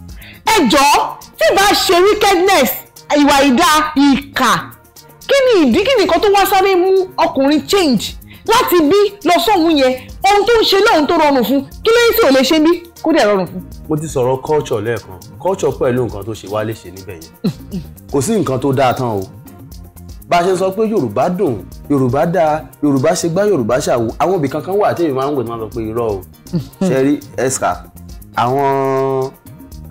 ẹ jọ̀ọ́ tí bá ṣe wickedness ìwà ìdá ìkà kí ni ìdí kí nìkan tó wá sáré mú ọkùnrin change láti bí lọ sóhun yẹn ohun tó ń ṣe lóhun tó rọrùn fún kí lóyún tí ò lè ṣe bí kó dẹ̀ rọrùn fún. mo ti sọ̀rọ̀ culture lẹ́ẹ̀kan culture pẹ̀lú nǹkan tó ṣe wá lè ṣe níbẹ̀ yẹn kò sí nǹkan tó dáa tán o bá a ṣe sọ pé yorùbá dùn yorùbá dáa yorùbá ṣe gbá yorùbá ṣàwò àwọn ibì kankan wà tẹ́mi máa ń wò tí wọ́n sọ pé irọ́ o ṣe ẹ̀ṣà àwọn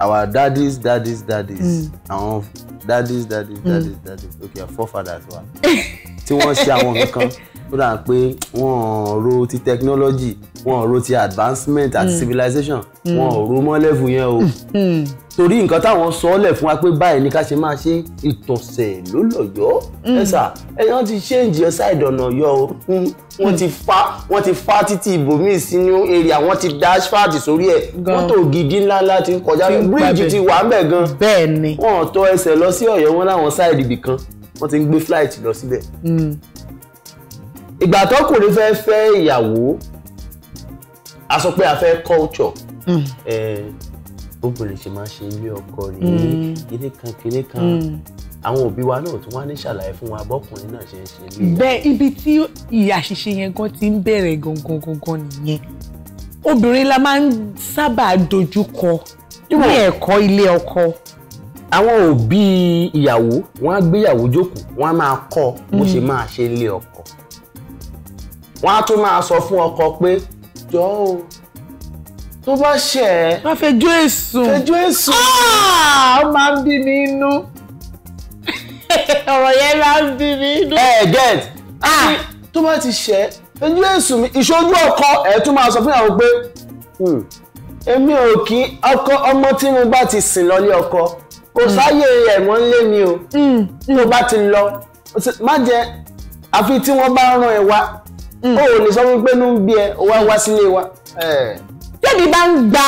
our daddies daddies daddies hmm. àwọn daddies daddies hmm. daddies daddies okay our forefathers wa tí wọ́n ṣe àwọn nǹkan tó dà pé wọ́n ro ti technology wọ́n ro ti advancement àti mm. civilization hmm. wọ́n ro mọ́ level yẹn o hmm. Hmm. torí nǹkan táwọn sọ ọ́ lẹ̀ fún wa pé báyìí ni ká ṣe máa ṣe ìtọ̀sẹ̀ ló lọ́yọ́ ẹ̀sà ẹ̀yàn ti change your side ọ̀nà yọ o wọ́n ti fa wọ́n ti fa títí ibòmíì sínú area wọ́n ti da asphalt sórí ẹ̀ mọ́tò gidi ńláńlá ti ń kọjá bíríìjì ti wà ń bẹ̀ gan bẹ́ẹ̀ ni wọ́n tọ ẹsẹ̀ lọ sí ọ̀yọ́ wọn láwọn side ibì kan wọ́n ti ń gbé flight lọ síbẹ̀ ìgbà tọkùnrin fẹ́ fẹ́ ìyàwó a sọ pé a fẹ́ culture obìnrin mm. ṣe máa ṣe ilé ọkọ rèé mm. kíní kan kíní kan mm. àwọn òbí wa náà tún wá ní ṣàlàyé fún wa bọ́kùnrin náà ṣe ń ṣe ilé. bẹ́ẹ̀ ibi tí ìyàṣìṣe yẹn gan ti ń bẹ̀rẹ̀ gangan gangan nìyẹn obìnrin la máa ń sábà dojú kọ ní ẹ̀kọ́ ilé ọkọ àwọn òbí ìyàwó wọn á gbéyàwó jókòó wọn á máa kọ́ bó ṣe máa ṣe ilé ọkọ wọ́n á tún máa sọ fún ọkọ pé jọ o tó bá ṣẹ̀ ẹ́. wọ́n fẹjọ́ ẹ̀sùn. fẹjọ́ ẹ̀sùn. Ah! ó máa ń bí mi inú. ọ̀rọ̀ yẹn máa ń bí mi inú. ẹ eh, get ah! tó bá ti ṣẹ̀ ẹ́ fẹjọ́ ẹ̀sùn mi ìṣojú ọkọ ẹ̀ tún máa sọ fún ìyàwó pé hmm, èmi ò kí ọkọ ọmọ tí mo bá ti sìn lọ lé ọkọ kò hmm. sáyè ẹ̀ mọ́ ń lé mi o hmm. tó bá ti lọ má jẹ àfi tí wọ́n bá rán ẹ wá o ò ní sọ wípé ló ń bí ẹ o wá wá sílé wa. Eh. tẹ́bi bá ń gba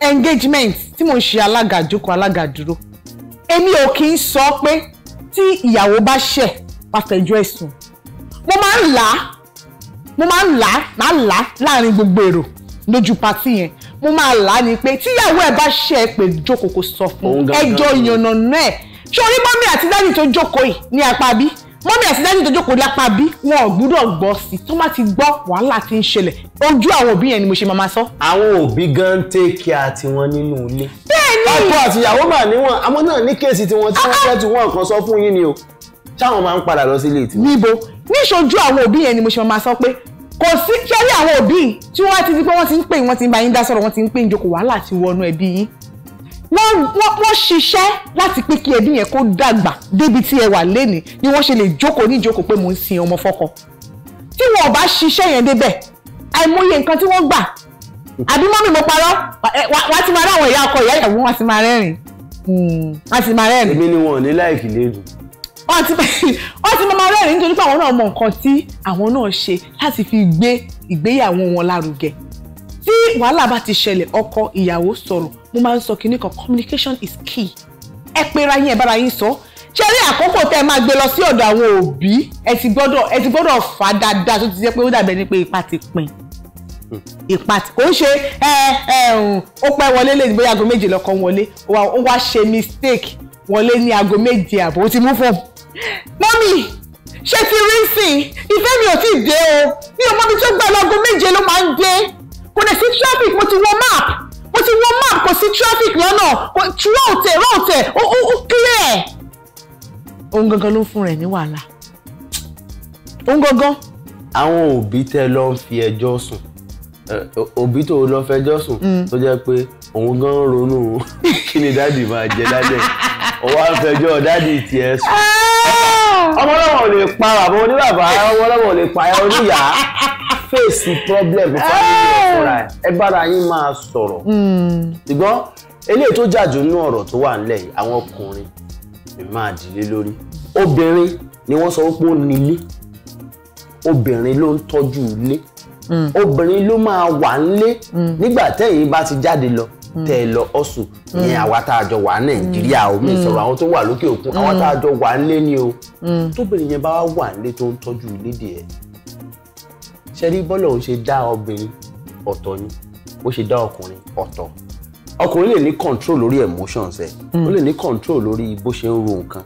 engagement tí mo ń ṣe alága jókòó alága dúró èmi ò kì í sọ pé tí ìyàwó bá ṣẹ̀ wá ẹ̀sùn mo máa ń là á mo máa ń là á máa ń là á láàrin gbogbo èrò lójú patí yẹn mo máa là á ni pé tíyàwó ẹ bá ṣẹ̀ ẹ pé jókòó kò sọ fún ẹjọ́ ìyànnà náà ẹ ṣé orí mọ́mí àti dáàdì tó jókòó yìí ní apá bí mọ́mí àti dájú tó jókòó lápá bí wọn ò gbúdọ̀ gbọ́ sí tó má ti gbọ́ wàhálà tí ń ṣẹlẹ̀ ojú àwọn òbí yẹn ni mo ṣe máa sọ. àwọn òbí gan take care tiwọn nínú ilé. bẹ́ẹ̀ni ọkọ àtìyàwó mà níwọ̀n àwọn náà ní kéèsì tiwọn tí wọ́n ah, ah! fẹ́ tí wọ́n kan sọ fún yín ni o ṣáwọn máa ń padà lọ sílé ìtura. níbo níṣojú àwọn òbí yẹn ni mo ṣe máa sọ pé kò sí ṣẹ́rí àwọn òbí tí wọ́n ti di pé wọ́n ti ń pè wọ́n ti ń bá yín dá sọ̀rọ̀ wọ́n ti ń pè ń jókòó wàhálà ti wọnú ẹbí yín wọ́n ṣiṣẹ́ láti pé kí ẹbí yẹn kó dàgbà débi tí ẹ wà lénìí ni wọ́n ṣe lè jókòó níjókòó pé mò ń sin ọmọ fọ́kọ tí wọn ò bá ṣiṣẹ́ yẹn débẹ̀ àìmọye nǹkan tí wọ́n gbà àbí mọ́mí mo parọ́ wá ti máa rí àwọn ìyá ọkọ ìyá ìyàwó wá ti máa rẹ́rìn wá hmm, ti máa rẹ́rìn. èmi ni wọn ò ní láìkì lédu. wọ́n ti máa rẹ́rìn nítorí pé àwọn náà mọ nǹkan tí àwọn náà ṣe láti fi gbé ìgbéyàwó wọn lárugẹ tí wàhálà bá ti ṣẹlẹ̀ ọkọ ìyàwó sọ̀rọ̀ mo máa ń sọ kinní kan communication is key ẹ pera yín ẹ bára yín sọ ṣé rí àkókò tẹ máa gbé lọ sí ọ̀dọ̀ àwọn òbí ẹ ti gbọ́dọ̀ ẹ ti gbọ́dọ̀ fà dáadáa tó ti jẹ́ pé ó dàbẹ̀ ni pé ipa ti pin ipa kò ń ṣe ẹ ẹ um, ó pẹ́ wọlé lè bóyá aago méje lọ́kọ́ wọlé ó wá ṣe mistake wọlé ní aago méje àbò ó ti mú fún un. mọ́mì ṣe ti rí sí i ìfẹ́ mi ò tí ì dé o mi ò mọ́bi tó gbà lọ́gọ́ méje ló máa ń dé kò dẹ̀ sí traffic mo ti wọ máàpù wo map kò sí traffic lọ́nà road ẹ̀ road ẹ̀ ó clear. òun gangan ló ń fún rẹ̀ ní wàhálà òun gangan. àwọn òbí tẹ́ lọ ń fi ẹjọ́ sùn òbí tó lọ fẹjọ́ sùn mm. tó jẹ́ pé òun gan ronú kí ni dáàdì máa jẹ lálẹ́ ọwọ́ àfẹjọ́ dáàdì tiẹ̀ sùn ah! ọmọlọ́wọ́ lè pa bàbá oníbàbá ọmọlọ́wọ́ lè pa ẹ oníyàá fèsì problem fáwọn eh! fúnra ẹ ẹ bára yín máa sọ̀rọ̀ hmm. ṣùgbọ́n eléyìí tó jàjù nínú ọ̀rọ̀ tó wà nílẹ̀ yìí àwọn ọkùnrin mi máa dìlé lórí obìnrin ni wọ́n sọ pé ó nílé obìnrin ló ń tọ́jú ilé hmm. obìnrin ló máa wà nílé hmm. nígbà tẹ́yìn bá ti jáde lọ tẹ́ ẹ lọ ọ̀sùn ní àwa tá a jọ wà nàìjíríà o mi sọ̀rọ̀ àwọn tó wà lókè òkun àwa tá a jọ wà nílé ni o tóbìnrin yẹn bá wà nílé tó ń tọ́jú ilé dè ṣe rí bọ́lọ̀ ń ṣe dá obìnrin ọ̀tọ̀ ni ó ṣe dá ọkùnrin ọ̀tọ̀ ọkùnrin lè ní control lórí emotions ẹ̀ hmm. ó lè ní control lórí bó ṣe ń ro nǹkan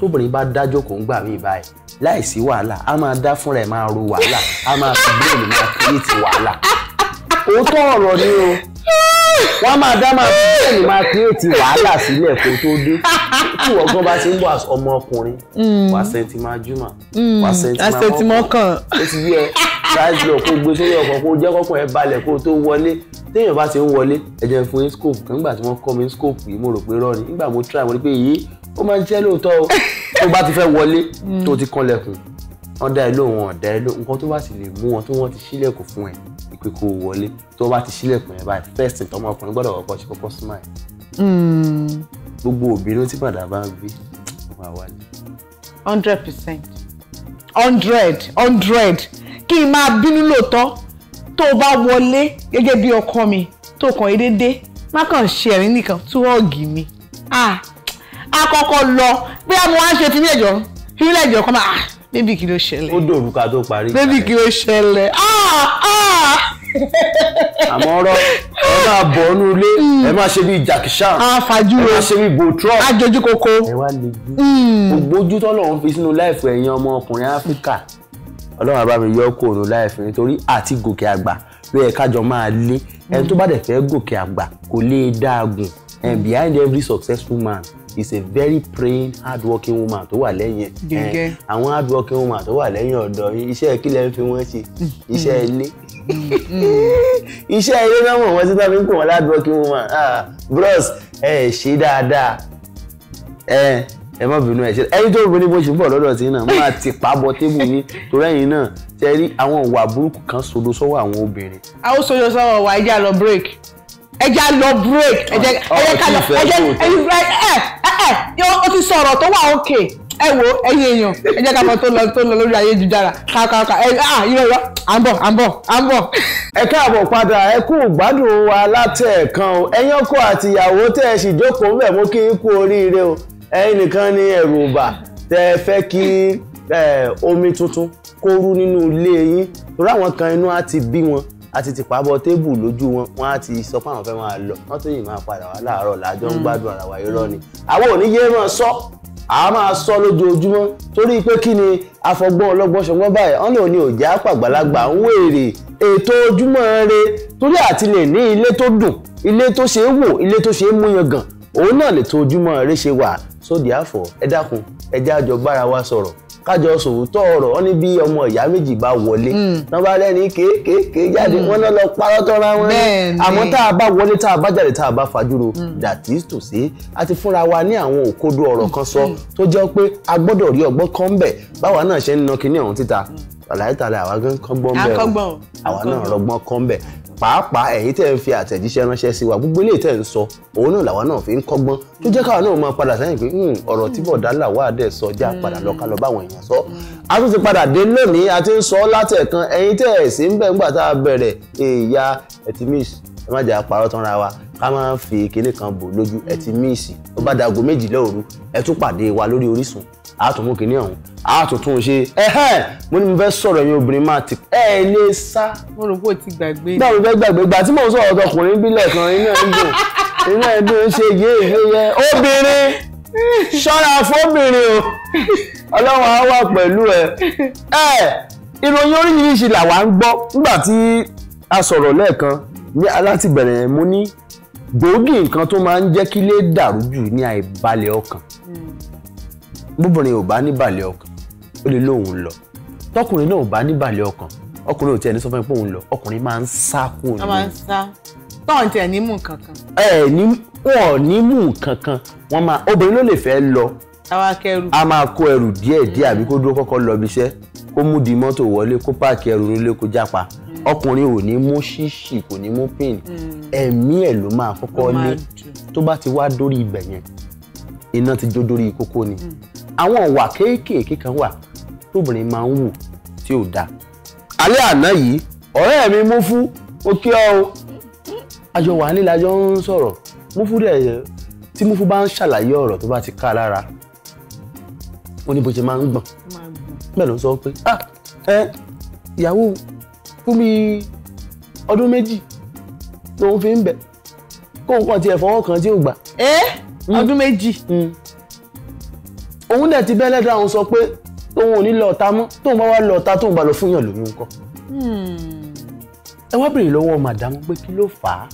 tóbìnrin bá dájọ́ kò ń gbà mí báyìí láìsí wàhálà a máa dá fúnra ẹ̀ máa ro wàhálà a máa fi blame máa create wàhálà òótọ́ ọ̀rọ̀ ni o wọ́n máa dá máa fi blame máa create wàhálà sílẹ̀ kó tó dé tí wọ́n gan bá ti ń bọ̀ as ọmọkùnrin hmm. wà sẹ́ńtì máa jùmọ̀ hmm. wà sẹ́ńtì máa mọ́kàn ó ti yẹ rice lọ kó gbé sórí ọkọ̀ kó jẹ́ kọ́kàn ẹ balẹ̀ kó tó wọlé téèyàn bá ti ń wọlé ẹ̀jẹ̀ fún scope kan nígbà tí wọ́n kọ́ mi scope yìí mo rò pé rọ ni nígbà mo try mo rí pé yìí ó máa ń jẹ́ lóòótọ́ o tó bá ti fẹ́ wọlé hmm. tó ti kanlẹ̀kùn wọ́n dá ẹ lóhùn wọn dá ẹ lóhùn nǹkan tó bá sì lè mú wọn tó wọ́n ti ṣílẹ̀kùn fún ẹ ìpè kó wọlé tó bá ti ṣílẹ̀kùn ẹ báyìí first thing tọmọkùnrin gbọ́dọ̀ kọ́kọ́ ṣe kọ́kọ́ smile. Hmm. gbogbo obìnrin tí bàdà bá ń gbé wà wálé. hundred percent hundred hundred kí n máa bínú lóòótọ́ tó o bá wọlé gẹ́gẹ́ bí ọkọ mi tó kàn é dédé má kàn ṣe ẹ̀rín nìkan tú ọ̀gì mi àkọ́kọ́ lọ bí a mọ wá ṣe tìmí ẹ̀jọ̀ tìmí ẹ̀jọ̀ kan máa ah, bébì kí ló ṣẹlẹ̀ ó dòrú ká tó parí bébì kí ló ṣẹlẹ̀ àmọ́ ọ̀rọ̀ ẹ máa bọ̀ ọ́nú ilé hmm. ẹ máa ṣe bíi jàkíṣà ẹ máa ṣe bíi bòtrọ́ àjọjú koko ẹ wá lè ju hmm. ògbójú tọ́lọ́run fi sínú láìfù ẹ̀yin ọmọ ọkùnrin áfíríkà ọlọ́run àbá mi yọ kó òun láì fún nítorí àti gòkè àgbà ló yẹ kájọ máa lé ẹni tó bá dẹ̀ fẹ́ gòkè àgbà kò lè dáàgùn and behind every successful man is a very praying hardworking woman tó wà lẹ́yìn ẹ̀ àwọn hardworking woman tó wà lẹ́yìn ọ̀dọ̀ yín iṣẹ́ kí lẹ́ ń fi wọ́n ṣe iṣẹ́ mm-hmm. ilé mm-hmm. iṣẹ́ ilé náà mọ̀ wọ́n sí tábí ń pò wọ́n hardworking woman ah bros ẹ ṣe dáadáa ẹ ẹ má bínú ẹ ṣe ẹyin tó rò ní bó ṣe ń bọ̀ lọ́dọ̀ tí náà máa ti pa bọ tébù yín torí ẹ̀yin náà ṣe rí àwọn ìwà burúkú kan sodo sọ́wọ́ àwọn obìnrin. a ó sodo sọ́wọ́ wa ẹja lọ break ẹja lọ break ẹjẹ ẹjẹ ká lọ ẹjẹ ẹ ẹ ẹ o ti sọ̀rọ̀ tó wà òkè ẹ wo ẹyin èèyàn ẹjẹ ká mọ tó lọ tó lọ lórí ayélujára kàkàkà ẹ ah irọ́ irọ́ à ń bọ̀ à ń bọ̀ à ń bọ̀. ẹ káàbọ̀ padà ẹ kú gbádùn wa látẹ̀ẹ̀kan o ẹ̀yin ọkọ àtìyàwó tẹ́ ẹ sì jókòó ń bẹ̀ mú kí n kú oríire o ẹ̀yin nìkan ní ẹ̀rù ọ̀bà tẹ́ ẹ fẹ́ kí omi tuntun kó rú nínú ilé yín torí àwọn kan inú á ti bí wọn àti ti pàbọ téèbù lójú wọn wọn á ti sọ pé àwọn fẹ́ máa lọ wọn tó yìí máa padà wá láàárọ̀ làjọ ń mm. gbádùn ara wa irọ́ ni àwọn ò ní yé máa sọ a máa sọ lójoojúmọ́ torí pé kí ni afọgbọ́n ọlọ́gbọ́n ṣọgbọ́n báyìí ọ̀nà òní òjá pàgbàlagbà ń wèrè ètò ojúmọ́ rẹ torí àti lè ní ilé tó dùn ilé tó ṣe é wò ilé tó ṣe é múyangàn òun náà lè tó ojúmọ́ eré ṣe wà sóde àfọ ẹ dákun ẹ já jọ bára wa sọ̀rọ̀ kájọ sòótọ́ ọ̀rọ̀ wọn ní bí ọmọ ìyá méjì bá wọlé wọn hmm. bá kéékèèké jáde hmm. wọn náà lọ parọ́ tọ́ra wọn ní àmọ́ tá a bá wọlé tá a bá jáde tá a bá fajúro dàtí tòsí àti fúnra wa ní àwọn òkodo ọ̀rọ̀ kan sọ hmm. tó jẹ́ pé a gbọ́dọ̀ rí ọgbọ́n kan ń bẹ báwa náà ṣe ń na kinní ọ̀hún títa àlàyé tààlà àwa gan kọ́gbọ́n bẹ́ẹ̀ àwa náà rọgbọ́n kan ń bẹ pàápàá ẹ̀yin tẹ́ ń fi àtẹ̀jíṣẹ́ ránṣẹ́ sí wa gbogbo eléyìí tẹ́ ń sọ òun náà làwa náà fi ń kọ́gbọ́n tó jẹ́ káwa náà máa padà sẹ́yìn pé hmm, ọ̀rọ̀ tí bọ̀dá là wà dẹ̀ sọ já hmm. padà lọ ká lọ báwọn èèyàn sọ. a tún ti padà dé lónìí a ti ń sọ látẹ̀kan ẹ̀yin tẹ́ ẹ̀ sí ń bẹ̀ ńgbà tá a bẹ̀rẹ̀ èèyà ẹ̀tí miss ẹ má jà parọ́ tán ra wa ká máa fi kinní kan bò lójú ẹ̀tí miss ó bá dago méjìlá òru ẹ̀ tún pàdé wa lórí Orísun àtúnwó kìíní ọ̀hún àtúntún ṣe ẹ̀hẹ́n mo ní mo fẹ́ sọ̀rọ̀ yẹn obìnrin máa ti ẹ̀ ẹ́ lè sá. mo rò pé o ti gbàgbé. náà mo fẹ́ gbàgbé gbà tí mò ń sọ̀rọ̀ ọ̀dọ́kùnrin bílẹ̀ kan iná ẹ̀ ń dùn iná ẹ̀ ń dùn ṣe yé ìhẹ́yẹ obìnrin ṣọ́ra fóbìnrin o ọlọ́run á wà pẹ̀lú ẹ. ẹ ìròyìn oríṣiríṣi làwa ń gbọ́ nígbà tí a sọ̀rọ̀ lẹ́ẹ̀kan ní alátìbẹ̀rẹ̀ mo ní gbòógì nǹkan tó máa ń jẹ́ kílé dàrú jù ní àìbalẹ̀ ọkàn bóbìnrin ò bá níbàlẹ̀ ọkàn ó lè lóun lọ tọkùnrin náà ò bá níbàlẹ̀ ọkàn ọkùnrin ò tiẹ̀ ní sọ fún mi pé òun lọ ọkùnrin máa ń sá kúrò nínú. máa ń sá tọ́hún tiẹ̀ ní mú kankan. ẹ ní wọn ò ní mú kankan wọn máa obìnrin ló lè fẹ́ lọ. àwa kẹrù. a máa kó ẹrù díẹ̀ díẹ̀ àbí kó dúró kọ́kọ́ lọ ibiṣẹ́ kó mú di mọ́tò wọlé kó páàkì ẹrù nílé kó jápa hmm. ọkùnrin ò ní mú ṣíṣì kò ní mú pin hmm. ẹ̀mí ẹ̀ ló máa kọ́kọ́ ní tó bá ti wá dórí ibẹ̀ yẹn iná ti jó dórí kókó ni. Mm àwọn ọ̀wà kéékèèké kan wà tóbìnrin máa ń wù tí ò dáa. alẹ́ àná yìí ọ̀rẹ́ mi mú fún ó kí ọ o àjọ wà nílẹ̀ àjọ ń sọ̀rọ̀ mú fún dẹ̀ tí mú fún bá ń ṣàlàyé ọ̀rọ̀ tó bá ti ká lára ó ní bó ṣe máa ń gbọ̀n bẹ́ẹ̀ ló sọ pé ah ẹ ìyàwó fún mi ọdún méjì lòun fi ń bẹ̀ kóun kàn tiẹ̀ fọwọ́ kan tí ò gbà. ẹ hmm. ọdún méjì. Hmm òun dẹ̀ ti bẹ́lẹ̀ dáhùn sọ pé òun ò ní lọ ọ̀tá mọ́ tóun bá wá lọ ọ̀tá tóun bá lọ fún yàn lóyún kọ́. Hmm. ẹ wá béèrè lọ́wọ́ màdámù pé kí ló fà á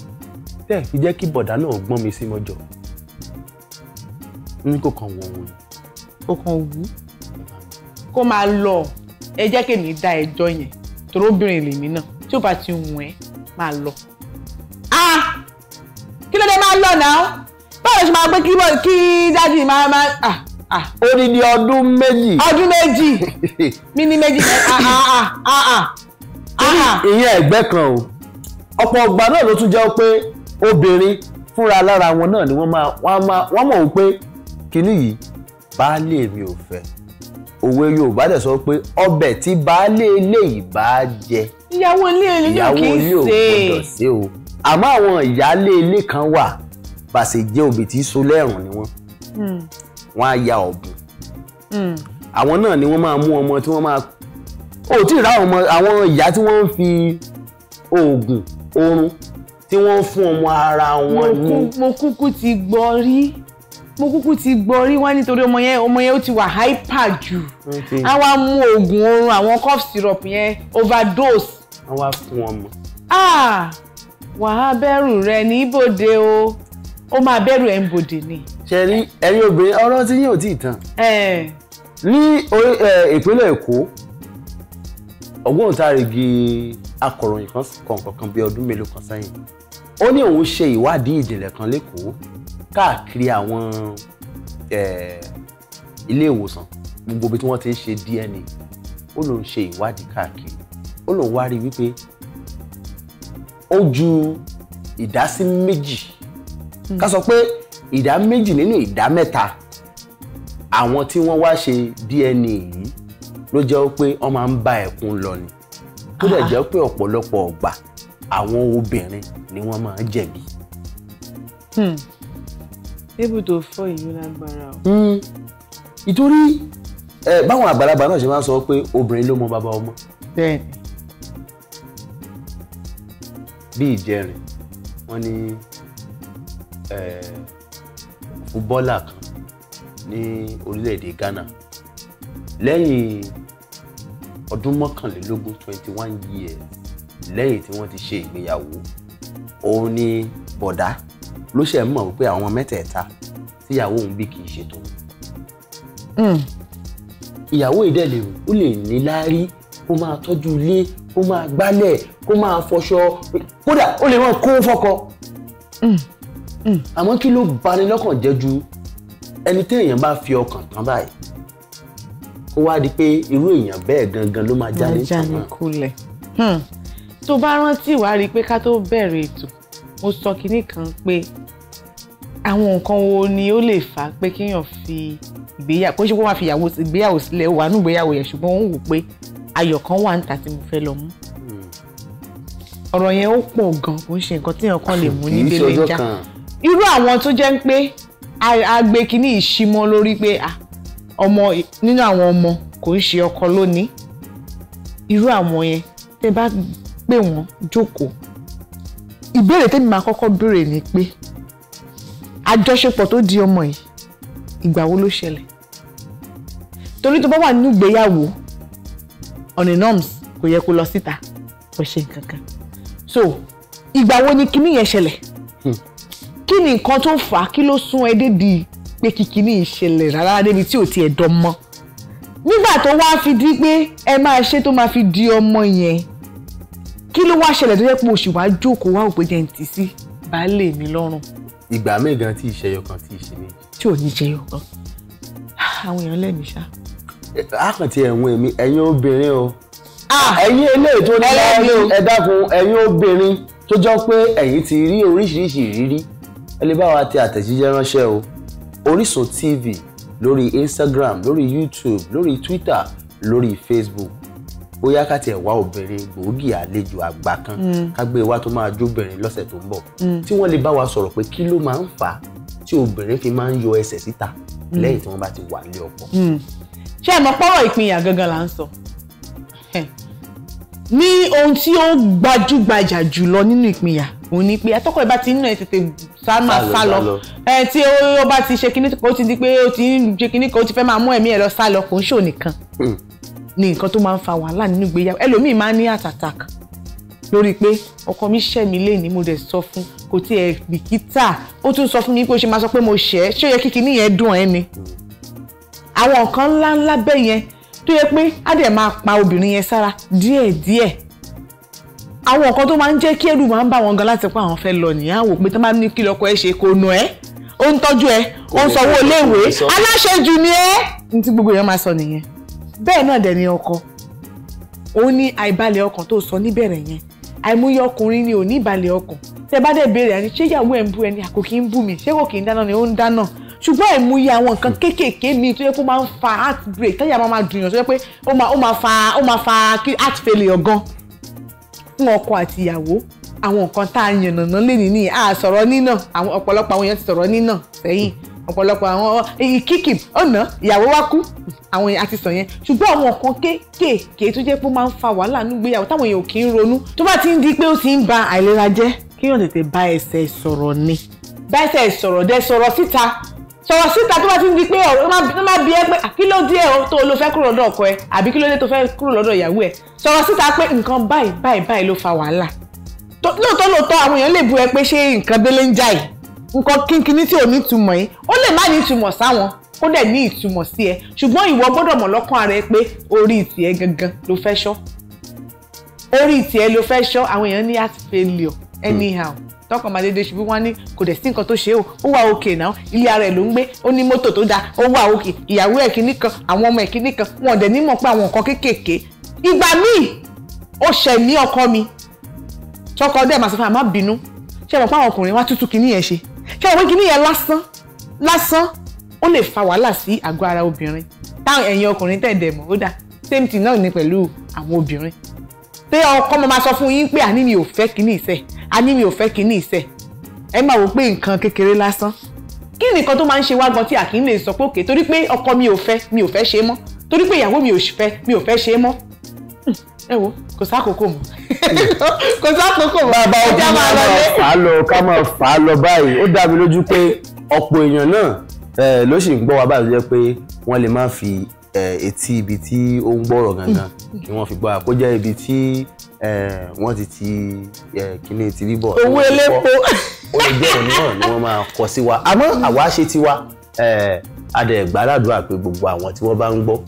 tẹ́ fi jẹ́ kí bọ̀dá náà gbọ́n mi sí mọ́jọ. ní kò kàn wọ̀ wọ̀ kò kàn wù kó máa lọ ẹ jẹ́ kí èmi dá ẹjọ́ yẹn torí obìnrin lèmi náà tí ó bá ti wù ẹ́ máa lọ. ah kí ló dé máa lọ náà báwo ṣe máa gbé kí dájú máa máa Ah. odidi ọdún méjì. ọdún méjì mi ní méjì ah, ah, ìyẹn ẹgbẹ́ kan o ọ̀pọ̀ ọgbà náà ló tún jẹ́ pé obìnrin fúnra lára wọn náà ni wọ́n máa wọ́n mọ̀ wípé kínní yìí baálé mi ò fẹ́ òwe yorùbá dẹ̀ sọ pé ọbẹ̀ tí baálé eléyìí bá jẹ ìyàwó ilé ilé kì í ṣe ìyàwó ilé ò gbọdọ̀ sí o àmọ́ àwọn ìyáálé ilé kan wà bàṣẹ jẹ́ òbí tí so lẹ́rùn ni wọ́n hmm wọ́n á ya ọ̀bùn hmm. àwọn náà ni wọ́n máa mú ọmọ tí wọ́n máa ó tí ì rá ọmọ àwọn ìyá tí wọ́n ń fi oògùn oorun tí wọ́n ń fún ọmọ ara wọn ní. mo kúkú ti gbọ́ rí mo kúkú ti gbọ́ rí wá nítorí ọmọ yẹn ọmọ yẹn ó ti wà hyper jù á wá mú oògùn oorun àwọn cough syrup yẹn overdose. á wá fún ọmọ. Ah! wàá bẹ̀rù rẹ ní ibodè o ó máa bẹ̀rù ẹ̀ ń bodè ni ṣẹ̀rí ẹ̀yin obìnrin ọ̀rọ̀ tí yín ò tí ì tán. ní ìpínlẹ̀ èkó ògbóǹtarìgì akọ̀ròyìn kan kọ̀ọ̀kan kan bíi ọdún mélòó kan sẹ́yìn ó ní òun ṣe ìwádìí ìjìnlẹ̀ kan lẹ́kọ̀ọ́ káàkiri àwọn ilé ìwòsàn gbogbo bí wọ́n ti ń ṣe DNA ó lòun ṣe ìwádìí káàkiri ó lòun wá rí wípé ó ju ìdásí méjì ká sọ pé ìdá méjì nínú ìdá mẹ́ta àwọn tí wọ́n wá ṣe DNA yìí ló jẹ́ pé wọ́n máa ń bá ẹ̀kún lọ ni tó dẹ̀ jẹ́ pé ọ̀pọ̀lọpọ̀ ọ̀gbà àwọn obìnrin ni wọ́n máa ń jẹ̀bi. ibùdó hmm. fọ ìlú lágbára o. Hmm. ìtorí báwọn àgbàlagbà náà ṣe máa ń sọ pé obìnrin ló mọ bàbá ọmọ. bẹ́ẹ̀ni. bí ìjẹrin wọ́n ní. Eh, fúbọ́là kan ní orílẹ̀-èdè Ghana lẹ́yìn ọdún mọ́kànlélógún twenty one years lẹ́yìn tí wọ́n ti ṣe ìgbéyàwó òun ni bọ̀dá ló ṣe mọ̀ wípé àwọn mẹ́tẹ̀ẹ̀ta tíyàwó òun bí kì í ṣe tòun. Hmm. ìyàwó ìdẹ́lẹ̀ ó lè níláárí kó máa tọ́jú ilé kó máa gbálẹ̀ kó máa fọṣọ kódà ó lè máa kó fọ́kọ. Hmm. Mm. àmọ́ kí ló bani lọ́kàn jẹ́ ju ẹni tí èèyàn bá fi ọkàn tán báyìí ó wá di pé irú èèyàn bẹ́ẹ̀ gangan ló máa jáde tàn án. Hmm. tó bá rántí wàá rí i pé ká tó bẹ̀rẹ̀ ètò mo sọ kinní kan pé àwọn nǹkan wo ni ó lè fà á pé kéèyàn fi ìgbéyàwó kó ṣe kó máa fi ìgbéyàwó sílẹ̀ wà nù ìgbéyàwó yẹn ṣùgbọ́n ó ń wò pé ayọ̀ kan wà níta tí mo fẹ́ lọ mú hmm. ọ̀rọ̀ yẹn ó pọ̀ gan kò ń ṣe nǹkan tí èèyàn kan lè mú nílé lè já irú àwọn tó jẹ́ pé agbe kìíní ìṣímọ́ lórí pé ọmọ nínú àwọn ọmọ kò ń ṣe ọkọ lónìí irú àwọn yẹn tẹ́ bá pè wọ́n jókòó ìbéèrè tẹ́mi máa kọ́kọ́ béèrè ni pé àjọṣepọ̀ tó di ọmọ yìí ìgbà wo ló ṣẹlẹ̀ torí tó bá wà nínú ìgbéyàwó ọ̀nà norms kò yẹ kó lọ síta kò ṣe nǹkan kan so ìgbà wo ni kinní yẹn ṣẹlẹ̀ kí ni nǹkan tó fà á kí ló sún ẹ débi pé kìkì ní ìṣẹ̀lẹ̀ rárá débi tí ò ti ẹ̀ dán mọ́ nígbà tó wá fi di pé ẹ máa ṣe tó máa fi di ọmọ yẹn kí ló wá ṣẹlẹ̀ tó jẹ́ pé oṣù wá jókòó wá òpè jẹ́ ń tì sí baálé mi lọ́rùn. ìgbà míì gan tí ìṣẹyọ kan tí ìṣe méjì. tí ò ní jẹyọ kan àwọn èèyàn lẹ́mìí ṣá. àkàntì ẹ̀wọ̀n èmi ẹ̀yin obìnrin o ẹ̀yin eléyìí tó ní ẹ dákun ẹ̀yin obìnrin tó jọ pé ẹ̀yin ti rí oríṣiríṣi ìrírí ẹ lè bá wa tẹ àtẹ̀jíṣẹ́ ránṣẹ́ o Orísun TV lórí Instagram lórí YouTube lórí Twitter lórí Facebook bóyá ká tiẹ̀ wá obìnrin gbòógì àlejò àgbà kan mm. ká gbé wa tó máa jóbìnrin lọ́sẹ̀ tó ń bọ̀ mm. tí wọ́n lè bá wa sọ̀rọ̀ pé kí ló máa ń fà á tí obìnrin fi máa ń yọ ẹsẹ̀ síta mm. lẹ́yìn tí wọ́n bá ti wà nílé ọkọ. ṣé ẹ mọ̀ pọ́rọ̀ ìpínyà gangan là ń sọ ní ohun tí ó gbajúgbajà jùlọ nínú ìpínyà òun ni pé atọ́kọ̀ ìbá ti ń nà ẹ tètè sá máa sá lọ ẹ tí ó bá ti ṣe kíní kan ó ti di pé ó ti ń ṣe kíní kan ó ti fẹ́ máa mú ẹ̀mí ẹ̀ lọ sá lọ kò ń ṣò nìkan hmm. ni nǹkan tó máa ń fa wàhálà nínú ìgbéyàwó ẹlòmíì máa ń ní heart attack lórí pé ọkọ mi ṣẹ́ mi lé ní mo dẹ̀ sọ fún kò tiẹ̀ bìkítà ó tún sọ fún mi pé ó ṣe máa sọ pé mo ṣẹ́ ṣé ó yẹ kí kíní yẹn dùn ẹ́ ni àwọn nǹkan ńláńlá bẹ́ẹ̀ yẹn tó yẹ pé á dẹ̀ máa pa obìnrin yẹn sára díẹ̀díẹ̀ àwọn nǹkan tó máa ń jẹ́ kí ẹrù máa ń bà wọ́n gan láti pa àwọn fẹ́ lọ nìyẹn àwọn òpin tó máa ń ní kí lọ́kọ ẹ ṣe kò nù ẹ́ ó ń tọ́jú ẹ ó ń sanwó iléèwé aláṣejù ni ẹ́ ní tí gbogbo èèyàn máa sọ nìyẹn bẹ́ẹ̀ náà dẹ̀ ni ọkọ ó ní àìbalẹ̀ ọkàn tó sọ níbẹ̀rẹ̀ yẹn àìmúyẹ ọkùnrin ni ò ní ìbalẹ̀ ọkàn tẹ bá dẹ̀ béèrè àní ṣé ìyàwó ẹ̀ ń bú ẹni àkókí ń bú mi ṣé kò kì í dáná ni ó ń dáná ṣùgbọ́n àìmúyẹ àwọn nǹkan kéékèèké mi tó yẹ kó máa ń fa heart break tẹ́yà máa máa dùn yàn tó yẹ pé ó máa fa heart failure gan-an fún ọkọ àti ìyàwó àwọn nǹkan tá a yànnàná lè ní nìyí a sọ̀rọ̀ nínà àwọn ọ̀pọ̀lọpọ̀ àwọn èèyàn ti sọ̀rọ̀ nínà sẹ́yìn ọ̀pọ̀lọpọ̀ àwọn kíkì ọ̀nà ìyàwó wa kú àwọn àti sàn yẹn ṣùgbọ́n àwọn nǹkan kéékèèké tó jẹ́ pé ó máa ń fa wàhálà nígbéyàwó táwọn èèyàn kì í ronú tó bá ti ń di pé ó ti ń ba àìlera jẹ́ kéèyàn tètè bá ẹsẹ̀ sọ̀rọ̀ ni bá ẹsẹ̀ sọ̀rọ̀ dẹ sọ̀rọ̀ síta sọ̀rọ̀ síta tó bá ti ń di pé ọ̀rọ̀ ló máa bí ẹ pé kí ló dé ẹ̀ tó ló fẹ́ kúrò lọ́dọ̀ ọkọ ẹ àbí kí ló dé tó fẹ́ kúrò lọ́dọ̀ ìyàwó ẹ sọ̀rọ̀ síta pé nǹkan báyìí báyìí báyìí ló fa wàhálà lóòótọ́ lóòótọ́ àwọn èèyàn lè bu ẹ pé ṣé nǹkan délé ń jà yìí nǹkan kínkínní tí ò ní ìtumọ̀ yìí ó lè má ní ìtumọ̀ sáwọn ó dẹ̀ ní ìtumọ̀ sí ẹ ṣùgbọ́n ìwọ gbọ́dọ̀ mọ̀ lọ́kàn ara ẹ pé orí tiẹ̀ gangan ló fẹ́ ṣọ́ orí tiẹ̀ ló fẹ́ ṣọ́ àwọn èèyàn ní àti failure anyhow tọkàn máa dédé ṣubú wọn ní kò dẹ̀ sí nǹkan tó ṣe o ó wà òkè náà ilé ara ẹ̀ ló ń gbé ó ní mọ́tò tó dáa ó wà òkè ìyàwó ẹ̀ kìíní kan àwọn ọmọ ẹ̀ kìíní kan wọn dẹ̀ ní mọ̀ pé àwọn nǹkan kéékèèké ìgbà míì ó ṣẹ̀ ní ọkọ mi tọkọ dẹ̀ máa sọ fún àmọ́ bínú ṣé mọ̀ pé àwọn ọkùnrin wá tútù kìíní yẹn ṣe ṣé mọ̀ pé kìíní yẹn lásán lásán ó lè fa wàhálà sí àgọ́ ara obìnrin táwọn ẹ̀yin ọkùnrin tẹ̀ dẹ̀ mọ̀ ó dà same thing náà ni pẹ̀lú àwọn obìnrin pé ọkọ mo máa sọ fún yín pé àní mi ò fẹ́ kìíní ìṣe a ní mi ò fẹ́ kinní ìṣe ẹ máa wò pé nǹkan kékeré lásán kí ni nǹkan tó máa ń ṣe wá gan tí àkíní lè sọ pé òkè torí pé ọkọ mi ò fẹ́ mi ò fẹ́ ṣe é mọ́ torí pé ìyàwó mi ò fẹ́ mi ò fẹ́ ṣe é mọ́ ẹ wo kò sákòókò mọ́ kò sákòókò mọ́ bàbá ọkọ máa lọ lé. fà á lọ ká máa fà á lọ báyìí ó dá mi lójú pé ọ̀pọ̀ èèyàn náà ló sì ń gbọ́ wa báyìí jẹ́ pé wọ́n lè má fi etí ibi tí ó ń gbọ́rọ̀ gangan kí mm. wọ́n fi gbọ́ àkójẹ́ ibi tí wọ́n ti ti kíní tìrìbọ̀. owó elépo. ó lè jẹ́ òní náà ni wọ́n máa kọ sí wa àmọ́ àwa ṣe tiwa adẹ̀gbàládùá pé gbogbo àwọn tí wọ́n bá ń gbọ́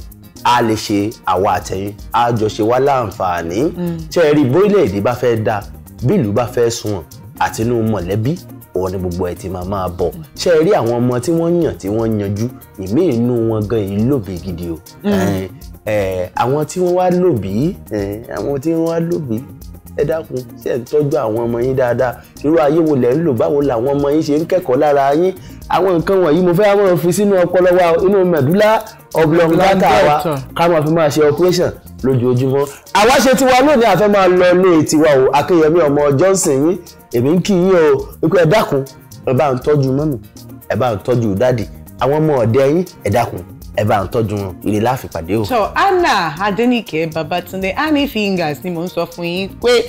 a lè ṣe àwa àtẹ̀yìn a jọ ṣe wá láǹfààní mm. tí ẹ rí bórílẹ̀-èdè bá fẹ́ dáa bí ìlú bá fẹ́ sunwọ̀n àtinú mọ̀lẹ́bí òun ni gbogbo ẹ ti máa máa bọ̀ mm. ṣe rí àwọn ọmọ tí wọ́n yàn tí wọ́n yanjú ìmí inú wọn gan yìí gidi o mm àwọn tí wọ́n wá lòbí àwọn tí wọ́n wá lòbí ẹ dákun ṣe ń tọ́jú àwọn ọmọ yín dáadáa irú ayé wo lẹ̀ ń lò báwo làwọn ọmọ yín ṣe ń kẹ́kọ̀ọ́ lára yín àwọn nǹkan wọ̀nyí mo fẹ́ máa fi sínú ọpọlọ wa inú mẹ̀dúlá ọ̀bùlọ̀ǹdàkà wa ká máa fi máa ṣe operation lójoojúmọ́ àwa ṣe tiwa lónìí àfẹ́ máa lọ ilé tiwa o Akínyẹmí ọmọ Johnson yín èmi ń kí yín o wípé ẹ dákun ẹ bá ń tọ́jú mọ́mì ẹ bá ń tọ́jú dádì àwọn ọmọ ọ̀dẹ yín ẹ dákun ẹ bá ń tọ́jú wọn ire la fi pàdé o. sọ anna adenike babatunde annie fingers ni mò ń sọ fún yín pé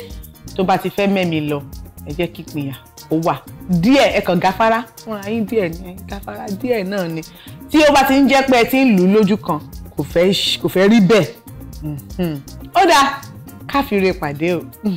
tó bá ti fẹ́ mẹ́mi lọ ẹ jẹ́ kí ìpínyà ó wà díẹ̀ ẹ kàn gáfárá fúnra yín díẹ̀ ní gáfárá díẹ̀ náà ni tí ó bá ti ń jẹ́ pé ẹ ti ń lù ú lójú kan kò fẹ́ rí bẹ́ẹ̀ ó dáa káfíńre pàdé o.